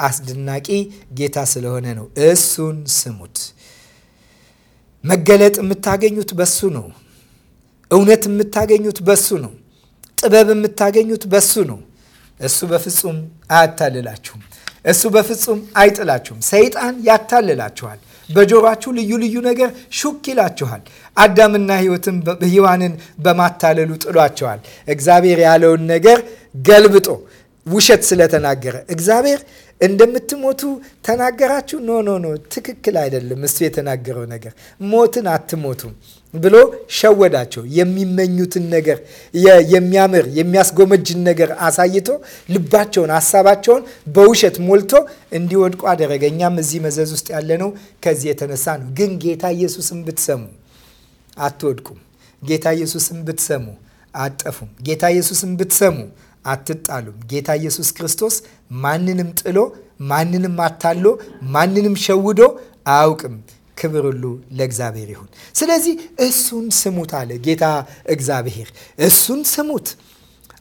Speaker 1: አስደናቂ ጌታ ስለሆነ ነው። እሱን ስሙት። መገለጥ የምታገኙት በሱ ነው። እውነት የምታገኙት በሱ ነው። ጥበብ የምታገኙት በሱ ነው። እሱ በፍጹም አያታልላችሁም። እሱ በፍጹም አይጥላችሁም። ሰይጣን ያታልላችኋል። በጆሯችሁ ልዩ ልዩ ነገር ሹክ ይላችኋል። አዳምና ሕይወትን ሕይዋንን በማታለሉ ጥሏቸዋል። እግዚአብሔር ያለውን ነገር ገልብጦ ውሸት ስለተናገረ እግዚአብሔር እንደምትሞቱ ተናገራችሁ። ኖ ኖ ኖ፣ ትክክል አይደለም። እሱ የተናገረው ነገር ሞትን አትሞቱም ብሎ ሸወዳቸው። የሚመኙትን ነገር የሚያምር የሚያስጎመጅን ነገር አሳይቶ ልባቸውን፣ ሀሳባቸውን በውሸት ሞልቶ እንዲወድቁ አደረገ። እኛም እዚህ መዘዝ ውስጥ ያለነው ከዚህ የተነሳ ነው። ግን ጌታ ኢየሱስን ብትሰሙ አትወድቁም። ጌታ ኢየሱስን ብትሰሙ አትጠፉም። ጌታ ኢየሱስን ብትሰሙ አትጣሉም። ጌታ ኢየሱስ ክርስቶስ ማንንም ጥሎ ማንንም አታሎ ማንንም ሸውዶ አያውቅም። ክብር ሁሉ ለእግዚአብሔር ይሁን። ስለዚህ እሱን ስሙት አለ ጌታ እግዚአብሔር። እሱን ስሙት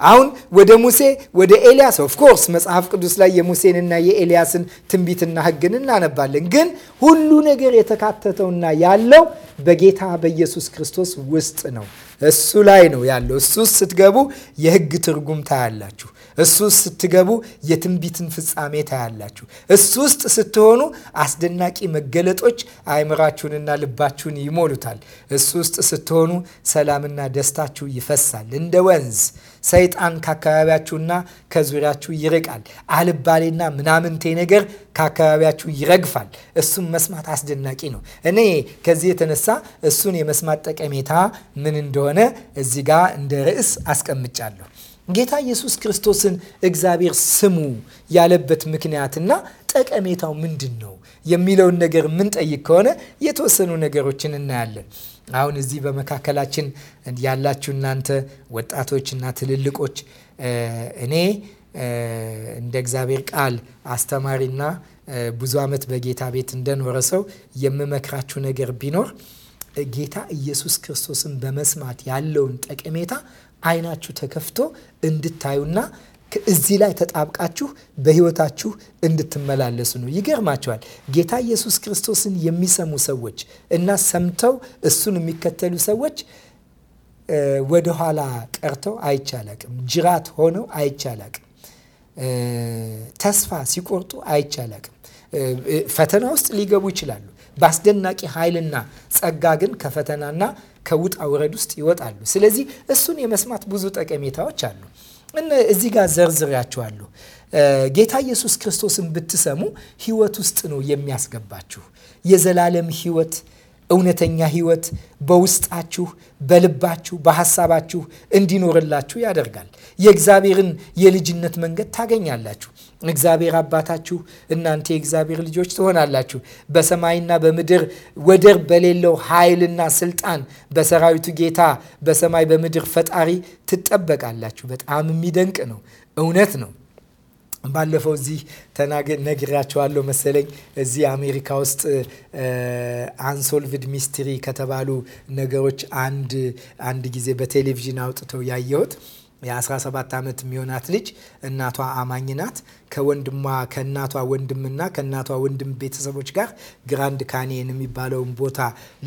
Speaker 1: አሁን ወደ ሙሴ ወደ ኤልያስ ኦፍኮርስ መጽሐፍ ቅዱስ ላይ የሙሴንና የኤልያስን ትንቢትና ሕግን እናነባለን። ግን ሁሉ ነገር የተካተተውና ያለው በጌታ በኢየሱስ ክርስቶስ ውስጥ ነው። እሱ ላይ ነው ያለው። እሱ ውስጥ ስትገቡ የሕግ ትርጉም ታያላችሁ። እሱ ውስጥ ስትገቡ የትንቢትን ፍጻሜ ታያላችሁ። እሱ ውስጥ ስትሆኑ አስደናቂ መገለጦች አእምራችሁንና ልባችሁን ይሞሉታል። እሱ ውስጥ ስትሆኑ ሰላምና ደስታችሁ ይፈሳል እንደ ወንዝ ሰይጣን ከአካባቢያችሁና ከዙሪያችሁ ይርቃል። አልባሌና ምናምንቴ ነገር ከአካባቢያችሁ ይረግፋል። እሱን መስማት አስደናቂ ነው። እኔ ከዚህ የተነሳ እሱን የመስማት ጠቀሜታ ምን እንደሆነ እዚህ ጋር እንደ ርዕስ አስቀምጫለሁ። ጌታ ኢየሱስ ክርስቶስን እግዚአብሔር ስሙ ያለበት ምክንያትና ጠቀሜታው ምንድን ነው የሚለውን ነገር ምን ጠይቅ ከሆነ የተወሰኑ ነገሮችን እናያለን። አሁን እዚህ በመካከላችን ያላችሁ እናንተ ወጣቶችና ትልልቆች እኔ እንደ እግዚአብሔር ቃል አስተማሪና ብዙ ዓመት በጌታ ቤት እንደኖረ ሰው የምመክራችሁ ነገር ቢኖር ጌታ ኢየሱስ ክርስቶስን በመስማት ያለውን ጠቀሜታ ዓይናችሁ ተከፍቶ እንድታዩና እዚህ ላይ ተጣብቃችሁ በህይወታችሁ እንድትመላለሱ ነው። ይገርማቸዋል። ጌታ ኢየሱስ ክርስቶስን የሚሰሙ ሰዎች እና ሰምተው እሱን የሚከተሉ ሰዎች ወደኋላ ቀርተው አይቻላቅም። ጅራት ሆነው አይቻላቅም። ተስፋ ሲቆርጡ አይቻላቅም። ፈተና ውስጥ ሊገቡ ይችላሉ። በአስደናቂ ኃይልና ጸጋ ግን ከፈተናና ከውጣ ውረድ ውስጥ ይወጣሉ። ስለዚህ እሱን የመስማት ብዙ ጠቀሜታዎች አሉ። እዚህ ጋር ዘርዝሬያችኋለሁ። ጌታ ኢየሱስ ክርስቶስን ብትሰሙ ህይወት ውስጥ ነው የሚያስገባችሁ። የዘላለም ህይወት እውነተኛ ህይወት በውስጣችሁ፣ በልባችሁ፣ በሐሳባችሁ እንዲኖርላችሁ ያደርጋል። የእግዚአብሔርን የልጅነት መንገድ ታገኛላችሁ። እግዚአብሔር አባታችሁ እናንተ የእግዚአብሔር ልጆች ትሆናላችሁ። በሰማይና በምድር ወደር በሌለው ኃይልና ስልጣን በሰራዊቱ ጌታ በሰማይ በምድር ፈጣሪ ትጠበቃላችሁ። በጣም የሚደንቅ ነው። እውነት ነው። ባለፈው እዚህ ተናገ ነግሬያቸዋለሁ መሰለኝ። እዚህ አሜሪካ ውስጥ አንሶልቭድ ሚስትሪ ከተባሉ ነገሮች አንድ አንድ ጊዜ በቴሌቪዥን አውጥተው ያየሁት የ17 ዓመት የሚሆናት ልጅ እናቷ አማኝ ናት። ከወንድሟ ከእናቷ ወንድምና ከእናቷ ወንድም ቤተሰቦች ጋር ግራንድ ካኔን የሚባለውን ቦታ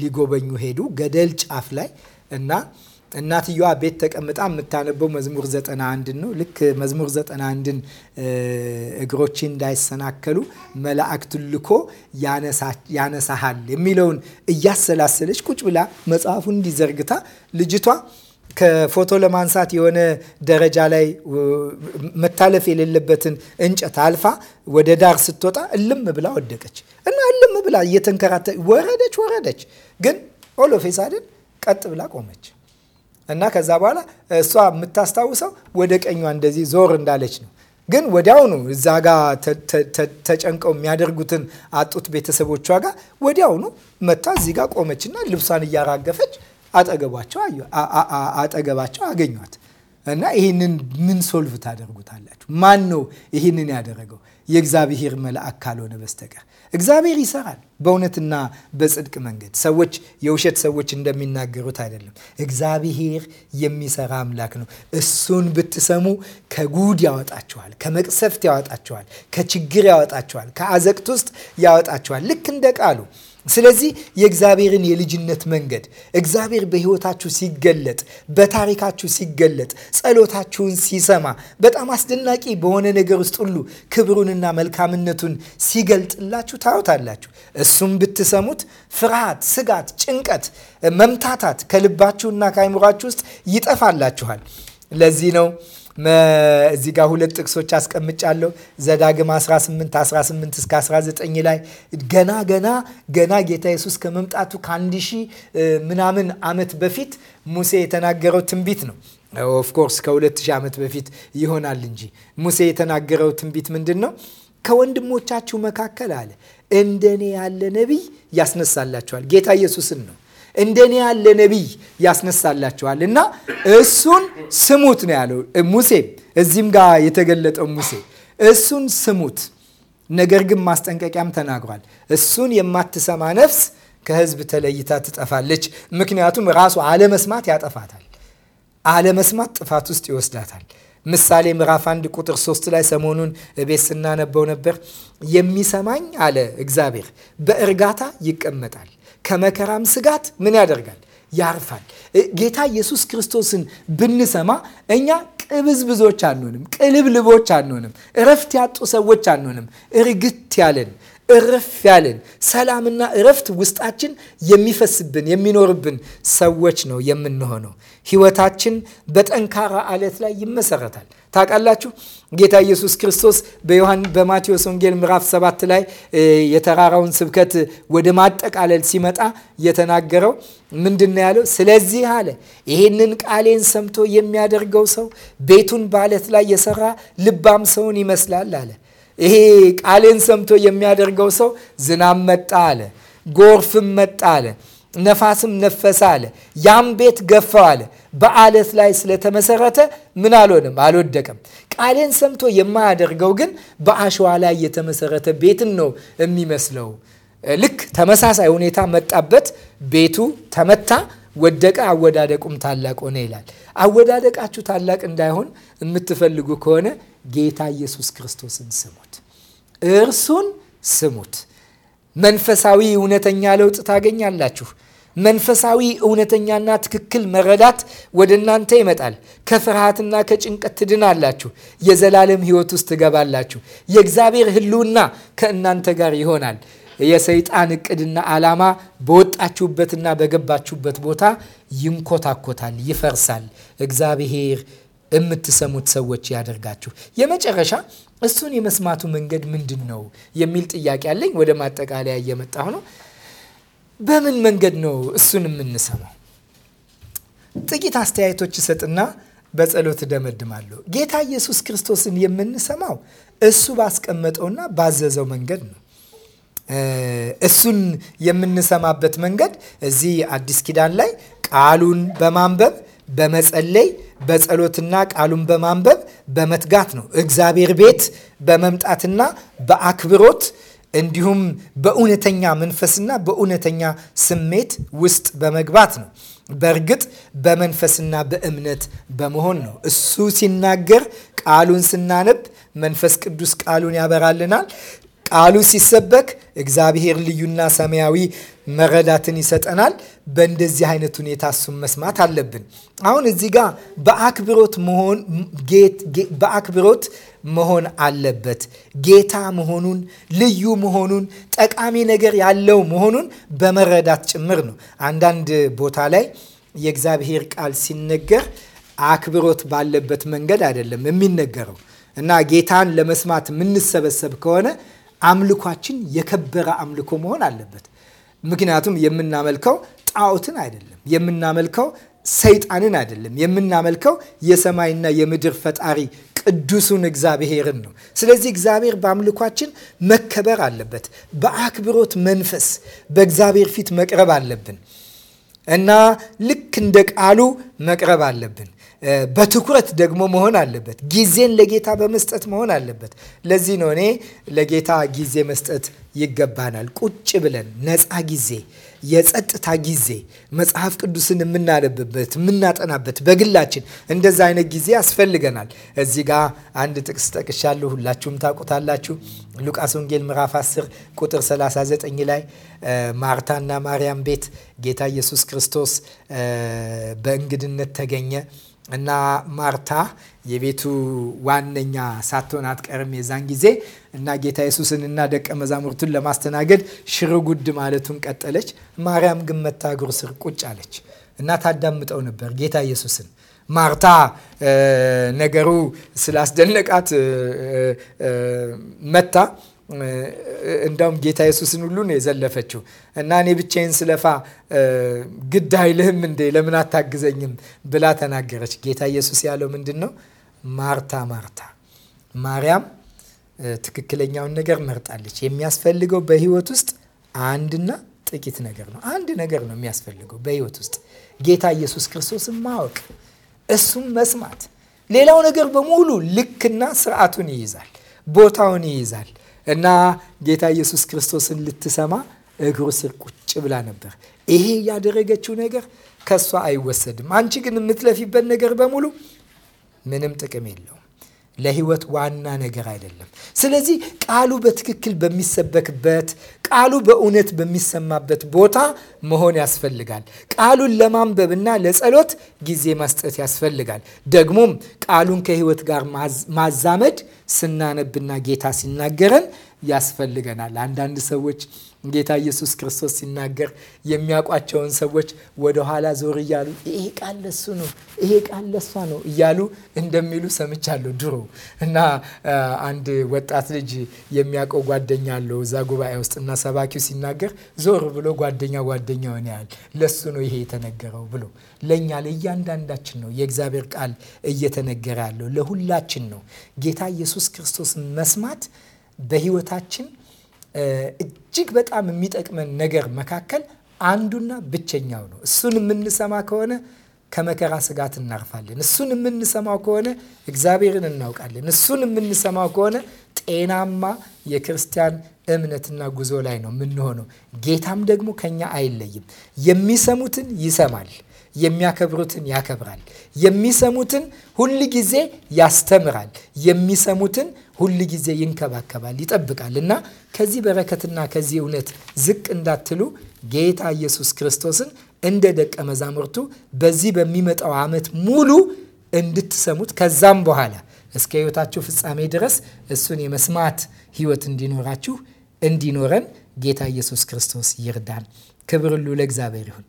Speaker 1: ሊጎበኙ ሄዱ፣ ገደል ጫፍ ላይ እና እናትየዋ ቤት ተቀምጣ የምታነበው መዝሙር 91 ነው። ልክ መዝሙር 91ን እግሮች እንዳይሰናከሉ መላእክት ልኮ ያነሳሃል የሚለውን እያሰላሰለች ቁጭ ብላ መጽሐፉን እንዲዘርግታ ልጅቷ ከፎቶ ለማንሳት የሆነ ደረጃ ላይ መታለፍ የሌለበትን እንጨት አልፋ ወደ ዳር ስትወጣ እልም ብላ ወደቀች እና እልም ብላ እየተንከራተ ወረደች ወረደች፣ ግን ኦሎፌስ አይደል ቀጥ ብላ ቆመች እና ከዛ በኋላ እሷ የምታስታውሰው ወደ ቀኟ እንደዚህ ዞር እንዳለች ነው። ግን ወዲያውኑ እዛ ጋ ተጨንቀው የሚያደርጉትን አጡት ቤተሰቦቿ ጋር ወዲያውኑ መታ እዚህ ጋር ቆመችና ልብሷን እያራገፈች አጠገባቸው አጠገባቸው አገኟት እና ይህንን ምን ሶልቭ ታደርጉታላችሁ? ማን ነው ይህንን ያደረገው? የእግዚአብሔር መልአክ ካልሆነ በስተቀር እግዚአብሔር ይሰራል በእውነትና በጽድቅ መንገድ። ሰዎች የውሸት ሰዎች እንደሚናገሩት አይደለም። እግዚአብሔር የሚሰራ አምላክ ነው። እሱን ብትሰሙ ከጉድ ያወጣችኋል፣ ከመቅሰፍት ያወጣችኋል፣ ከችግር ያወጣችኋል፣ ከአዘቅት ውስጥ ያወጣችኋል ልክ እንደ ቃሉ ስለዚህ የእግዚአብሔርን የልጅነት መንገድ እግዚአብሔር በሕይወታችሁ ሲገለጥ፣ በታሪካችሁ ሲገለጥ፣ ጸሎታችሁን ሲሰማ፣ በጣም አስደናቂ በሆነ ነገር ውስጥ ሁሉ ክብሩንና መልካምነቱን ሲገልጥላችሁ ታዩታላችሁ። እሱም ብትሰሙት ፍርሃት፣ ስጋት፣ ጭንቀት፣ መምታታት ከልባችሁና ከአይምሯችሁ ውስጥ ይጠፋላችኋል። ለዚህ ነው እዚህ ጋር ሁለት ጥቅሶች አስቀምጫለሁ። ዘዳግም 18 18 እስከ 19 ላይ ገና ገና ገና ጌታ ኢየሱስ ከመምጣቱ ከአንድ ሺህ ምናምን ዓመት በፊት ሙሴ የተናገረው ትንቢት ነው። ኦፍኮርስ ከ ሺህ ዓመት በፊት ይሆናል እንጂ ሙሴ የተናገረው ትንቢት ምንድን ነው? ከወንድሞቻችሁ መካከል አለ እንደኔ ያለ ነቢይ ያስነሳላችኋል። ጌታ ኢየሱስን ነው እንደኔ ያለ ነቢይ ያስነሳላችኋል እና እሱን ስሙት ነው ያለው ሙሴ። እዚህም ጋር የተገለጠው ሙሴ እሱን ስሙት፣ ነገር ግን ማስጠንቀቂያም ተናግሯል። እሱን የማትሰማ ነፍስ ከህዝብ ተለይታ ትጠፋለች። ምክንያቱም ራሱ አለመስማት ያጠፋታል። አለመስማት ጥፋት ውስጥ ይወስዳታል። ምሳሌ ምዕራፍ አንድ ቁጥር ሶስት ላይ ሰሞኑን እቤት ስናነበው ነበር። የሚሰማኝ አለ እግዚአብሔር በእርጋታ ይቀመጣል ከመከራም ስጋት ምን ያደርጋል? ያርፋል። ጌታ ኢየሱስ ክርስቶስን ብንሰማ እኛ ቅብዝብዞች አንሆንም፣ ቅልብልቦች አንሆንም፣ እረፍት ያጡ ሰዎች አንሆንም። እርግት ያለን እረፍ ያለን ሰላምና እረፍት ውስጣችን የሚፈስብን የሚኖርብን ሰዎች ነው የምንሆነው። ህይወታችን በጠንካራ አለት ላይ ይመሰረታል። ታውቃላችሁ ጌታ ኢየሱስ ክርስቶስ በማቴዎስ ወንጌል ምዕራፍ 7 ላይ የተራራውን ስብከት ወደ ማጠቃለል ሲመጣ የተናገረው ምንድን ነው ያለው? ስለዚህ አለ ይህንን ቃሌን ሰምቶ የሚያደርገው ሰው ቤቱን በአለት ላይ የሰራ ልባም ሰውን ይመስላል አለ። ይሄ ቃሌን ሰምቶ የሚያደርገው ሰው ዝናብ መጣ አለ፣ ጎርፍም መጣ አለ፣ ነፋስም ነፈሰ አለ፣ ያም ቤት ገፋው አለ በአለት ላይ ስለተመሰረተ ምን አልሆንም፣ አልወደቀም። ቃሌን ሰምቶ የማያደርገው ግን በአሸዋ ላይ የተመሰረተ ቤትን ነው የሚመስለው። ልክ ተመሳሳይ ሁኔታ መጣበት፣ ቤቱ ተመታ፣ ወደቀ፣ አወዳደቁም ታላቅ ሆነ ይላል። አወዳደቃችሁ ታላቅ እንዳይሆን የምትፈልጉ ከሆነ ጌታ ኢየሱስ ክርስቶስን ስሙት፣ እርሱን ስሙት። መንፈሳዊ እውነተኛ ለውጥ ታገኛላችሁ። መንፈሳዊ እውነተኛና ትክክል መረዳት ወደ እናንተ ይመጣል። ከፍርሃትና ከጭንቀት ትድናላችሁ። የዘላለም ሕይወት ውስጥ ትገባላችሁ። የእግዚአብሔር ሕልውና ከእናንተ ጋር ይሆናል። የሰይጣን እቅድና ዓላማ በወጣችሁበትና በገባችሁበት ቦታ ይንኮታኮታል፣ ይፈርሳል። እግዚአብሔር የምትሰሙት ሰዎች ያደርጋችሁ። የመጨረሻ እሱን የመስማቱ መንገድ ምንድን ነው የሚል ጥያቄ አለኝ። ወደ ማጠቃለያ እየመጣሁ ነው። በምን መንገድ ነው እሱን የምንሰማው? ጥቂት አስተያየቶች እሰጥና በጸሎት እደመድማለሁ። ጌታ ኢየሱስ ክርስቶስን የምንሰማው እሱ ባስቀመጠውና ባዘዘው መንገድ ነው። እሱን የምንሰማበት መንገድ እዚህ አዲስ ኪዳን ላይ ቃሉን በማንበብ በመጸለይ በጸሎትና ቃሉን በማንበብ በመትጋት ነው። እግዚአብሔር ቤት በመምጣትና በአክብሮት እንዲሁም በእውነተኛ መንፈስና በእውነተኛ ስሜት ውስጥ በመግባት ነው። በእርግጥ በመንፈስና በእምነት በመሆን ነው። እሱ ሲናገር ቃሉን ስናነብ መንፈስ ቅዱስ ቃሉን ያበራልናል። ቃሉ ሲሰበክ እግዚአብሔር ልዩና ሰማያዊ መረዳትን ይሰጠናል። በእንደዚህ አይነት ሁኔታ እሱን መስማት አለብን። አሁን እዚህ ጋር በአክብሮት መሆን በአክብሮት መሆን አለበት። ጌታ መሆኑን፣ ልዩ መሆኑን፣ ጠቃሚ ነገር ያለው መሆኑን በመረዳት ጭምር ነው። አንዳንድ ቦታ ላይ የእግዚአብሔር ቃል ሲነገር አክብሮት ባለበት መንገድ አይደለም የሚነገረው እና ጌታን ለመስማት የምንሰበሰብ ከሆነ አምልኳችን የከበረ አምልኮ መሆን አለበት። ምክንያቱም የምናመልከው ጣዖትን አይደለም፣ የምናመልከው ሰይጣንን አይደለም፣ የምናመልከው የሰማይና የምድር ፈጣሪ ቅዱሱን እግዚአብሔርን ነው። ስለዚህ እግዚአብሔር በአምልኳችን መከበር አለበት። በአክብሮት መንፈስ በእግዚአብሔር ፊት መቅረብ አለብን እና ልክ እንደ ቃሉ መቅረብ አለብን። በትኩረት ደግሞ መሆን አለበት። ጊዜን ለጌታ በመስጠት መሆን አለበት። ለዚህ ነው እኔ ለጌታ ጊዜ መስጠት ይገባናል። ቁጭ ብለን ነፃ ጊዜ፣ የጸጥታ ጊዜ፣ መጽሐፍ ቅዱስን የምናነብበት የምናጠናበት፣ በግላችን እንደዛ አይነት ጊዜ ያስፈልገናል። እዚህ ጋር አንድ ጥቅስ ጠቅሻለሁ፣ ሁላችሁም ታውቁታላችሁ። ሉቃስ ወንጌል ምዕራፍ 10 ቁጥር 39 ላይ ማርታና ማርያም ቤት ጌታ ኢየሱስ ክርስቶስ በእንግድነት ተገኘ። እና ማርታ የቤቱ ዋነኛ ሳትሆን አትቀርም የዛን ጊዜ እና ጌታ የሱስን እና ደቀ መዛሙርቱን ለማስተናገድ ሽር ጉድ ማለቱን ቀጠለች። ማርያም ግን መታ እግሩ ስር ቁጭ አለች እና ታዳምጠው ነበር ጌታ ኢየሱስን። ማርታ ነገሩ ስላስደነቃት መታ እንዳም ጌታ ኢየሱስን ሁሉ ነው የዘለፈችው እና እኔ ብቻዬን ስለፋ ግድ አይልህም እንዴ? ለምን አታግዘኝም ብላ ተናገረች። ጌታ ኢየሱስ ያለው ምንድን ነው? ማርታ ማርታ፣ ማርያም ትክክለኛውን ነገር መርጣለች። የሚያስፈልገው በህይወት ውስጥ አንድና ጥቂት ነገር ነው። አንድ ነገር ነው የሚያስፈልገው በህይወት ውስጥ ጌታ ኢየሱስ ክርስቶስን ማወቅ፣ እሱም መስማት። ሌላው ነገር በሙሉ ልክና ስርዓቱን ይይዛል፣ ቦታውን ይይዛል እና ጌታ ኢየሱስ ክርስቶስን ልትሰማ እግሩ ስር ቁጭ ብላ ነበር። ይሄ ያደረገችው ነገር ከእሷ አይወሰድም። አንቺ ግን የምትለፊበት ነገር በሙሉ ምንም ጥቅም የለው ለህይወት ዋና ነገር አይደለም። ስለዚህ ቃሉ በትክክል በሚሰበክበት ቃሉ በእውነት በሚሰማበት ቦታ መሆን ያስፈልጋል። ቃሉን ለማንበብና ለጸሎት ጊዜ መስጠት ያስፈልጋል። ደግሞም ቃሉን ከህይወት ጋር ማዛመድ ስናነብና ጌታ ሲናገረን ያስፈልገናል። አንዳንድ ሰዎች ጌታ ኢየሱስ ክርስቶስ ሲናገር የሚያውቋቸውን ሰዎች ወደኋላ ዞር እያሉ ይሄ ቃል ለሱ ነው፣ ይሄ ቃል ለሷ ነው እያሉ እንደሚሉ ሰምቻለሁ ድሮ እና አንድ ወጣት ልጅ የሚያውቀው ጓደኛ አለው እዛ ጉባኤ ውስጥ እና ሰባኪው ሲናገር ዞር ብሎ ጓደኛ ጓደኛውን ያህል ለሱ ነው ይሄ የተነገረው ብሎ ለእኛ ለእያንዳንዳችን ነው የእግዚአብሔር ቃል እየተነገረ ያለው ለሁላችን ነው። ጌታ ኢየሱስ ክርስቶስን መስማት በህይወታችን እጅግ በጣም የሚጠቅመን ነገር መካከል አንዱና ብቸኛው ነው። እሱን የምንሰማ ከሆነ ከመከራ ስጋት እናርፋለን። እሱን የምንሰማው ከሆነ እግዚአብሔርን እናውቃለን። እሱን የምንሰማው ከሆነ ጤናማ የክርስቲያን እምነትና ጉዞ ላይ ነው የምንሆነው። ጌታም ደግሞ ከኛ አይለይም። የሚሰሙትን ይሰማል፣ የሚያከብሩትን ያከብራል፣ የሚሰሙትን ሁል ጊዜ ያስተምራል፣ የሚሰሙትን ሁል ጊዜ ይንከባከባል፣ ይጠብቃል እና ከዚህ በረከትና ከዚህ እውነት ዝቅ እንዳትሉ ጌታ ኢየሱስ ክርስቶስን እንደ ደቀ መዛሙርቱ በዚህ በሚመጣው ዓመት ሙሉ እንድትሰሙት ከዛም በኋላ እስከ ሕይወታችሁ ፍጻሜ ድረስ እሱን የመስማት ሕይወት እንዲኖራችሁ እንዲኖረን ጌታ ኢየሱስ ክርስቶስ ይርዳን። ክብር ሁሉ ለእግዚአብሔር ይሁን።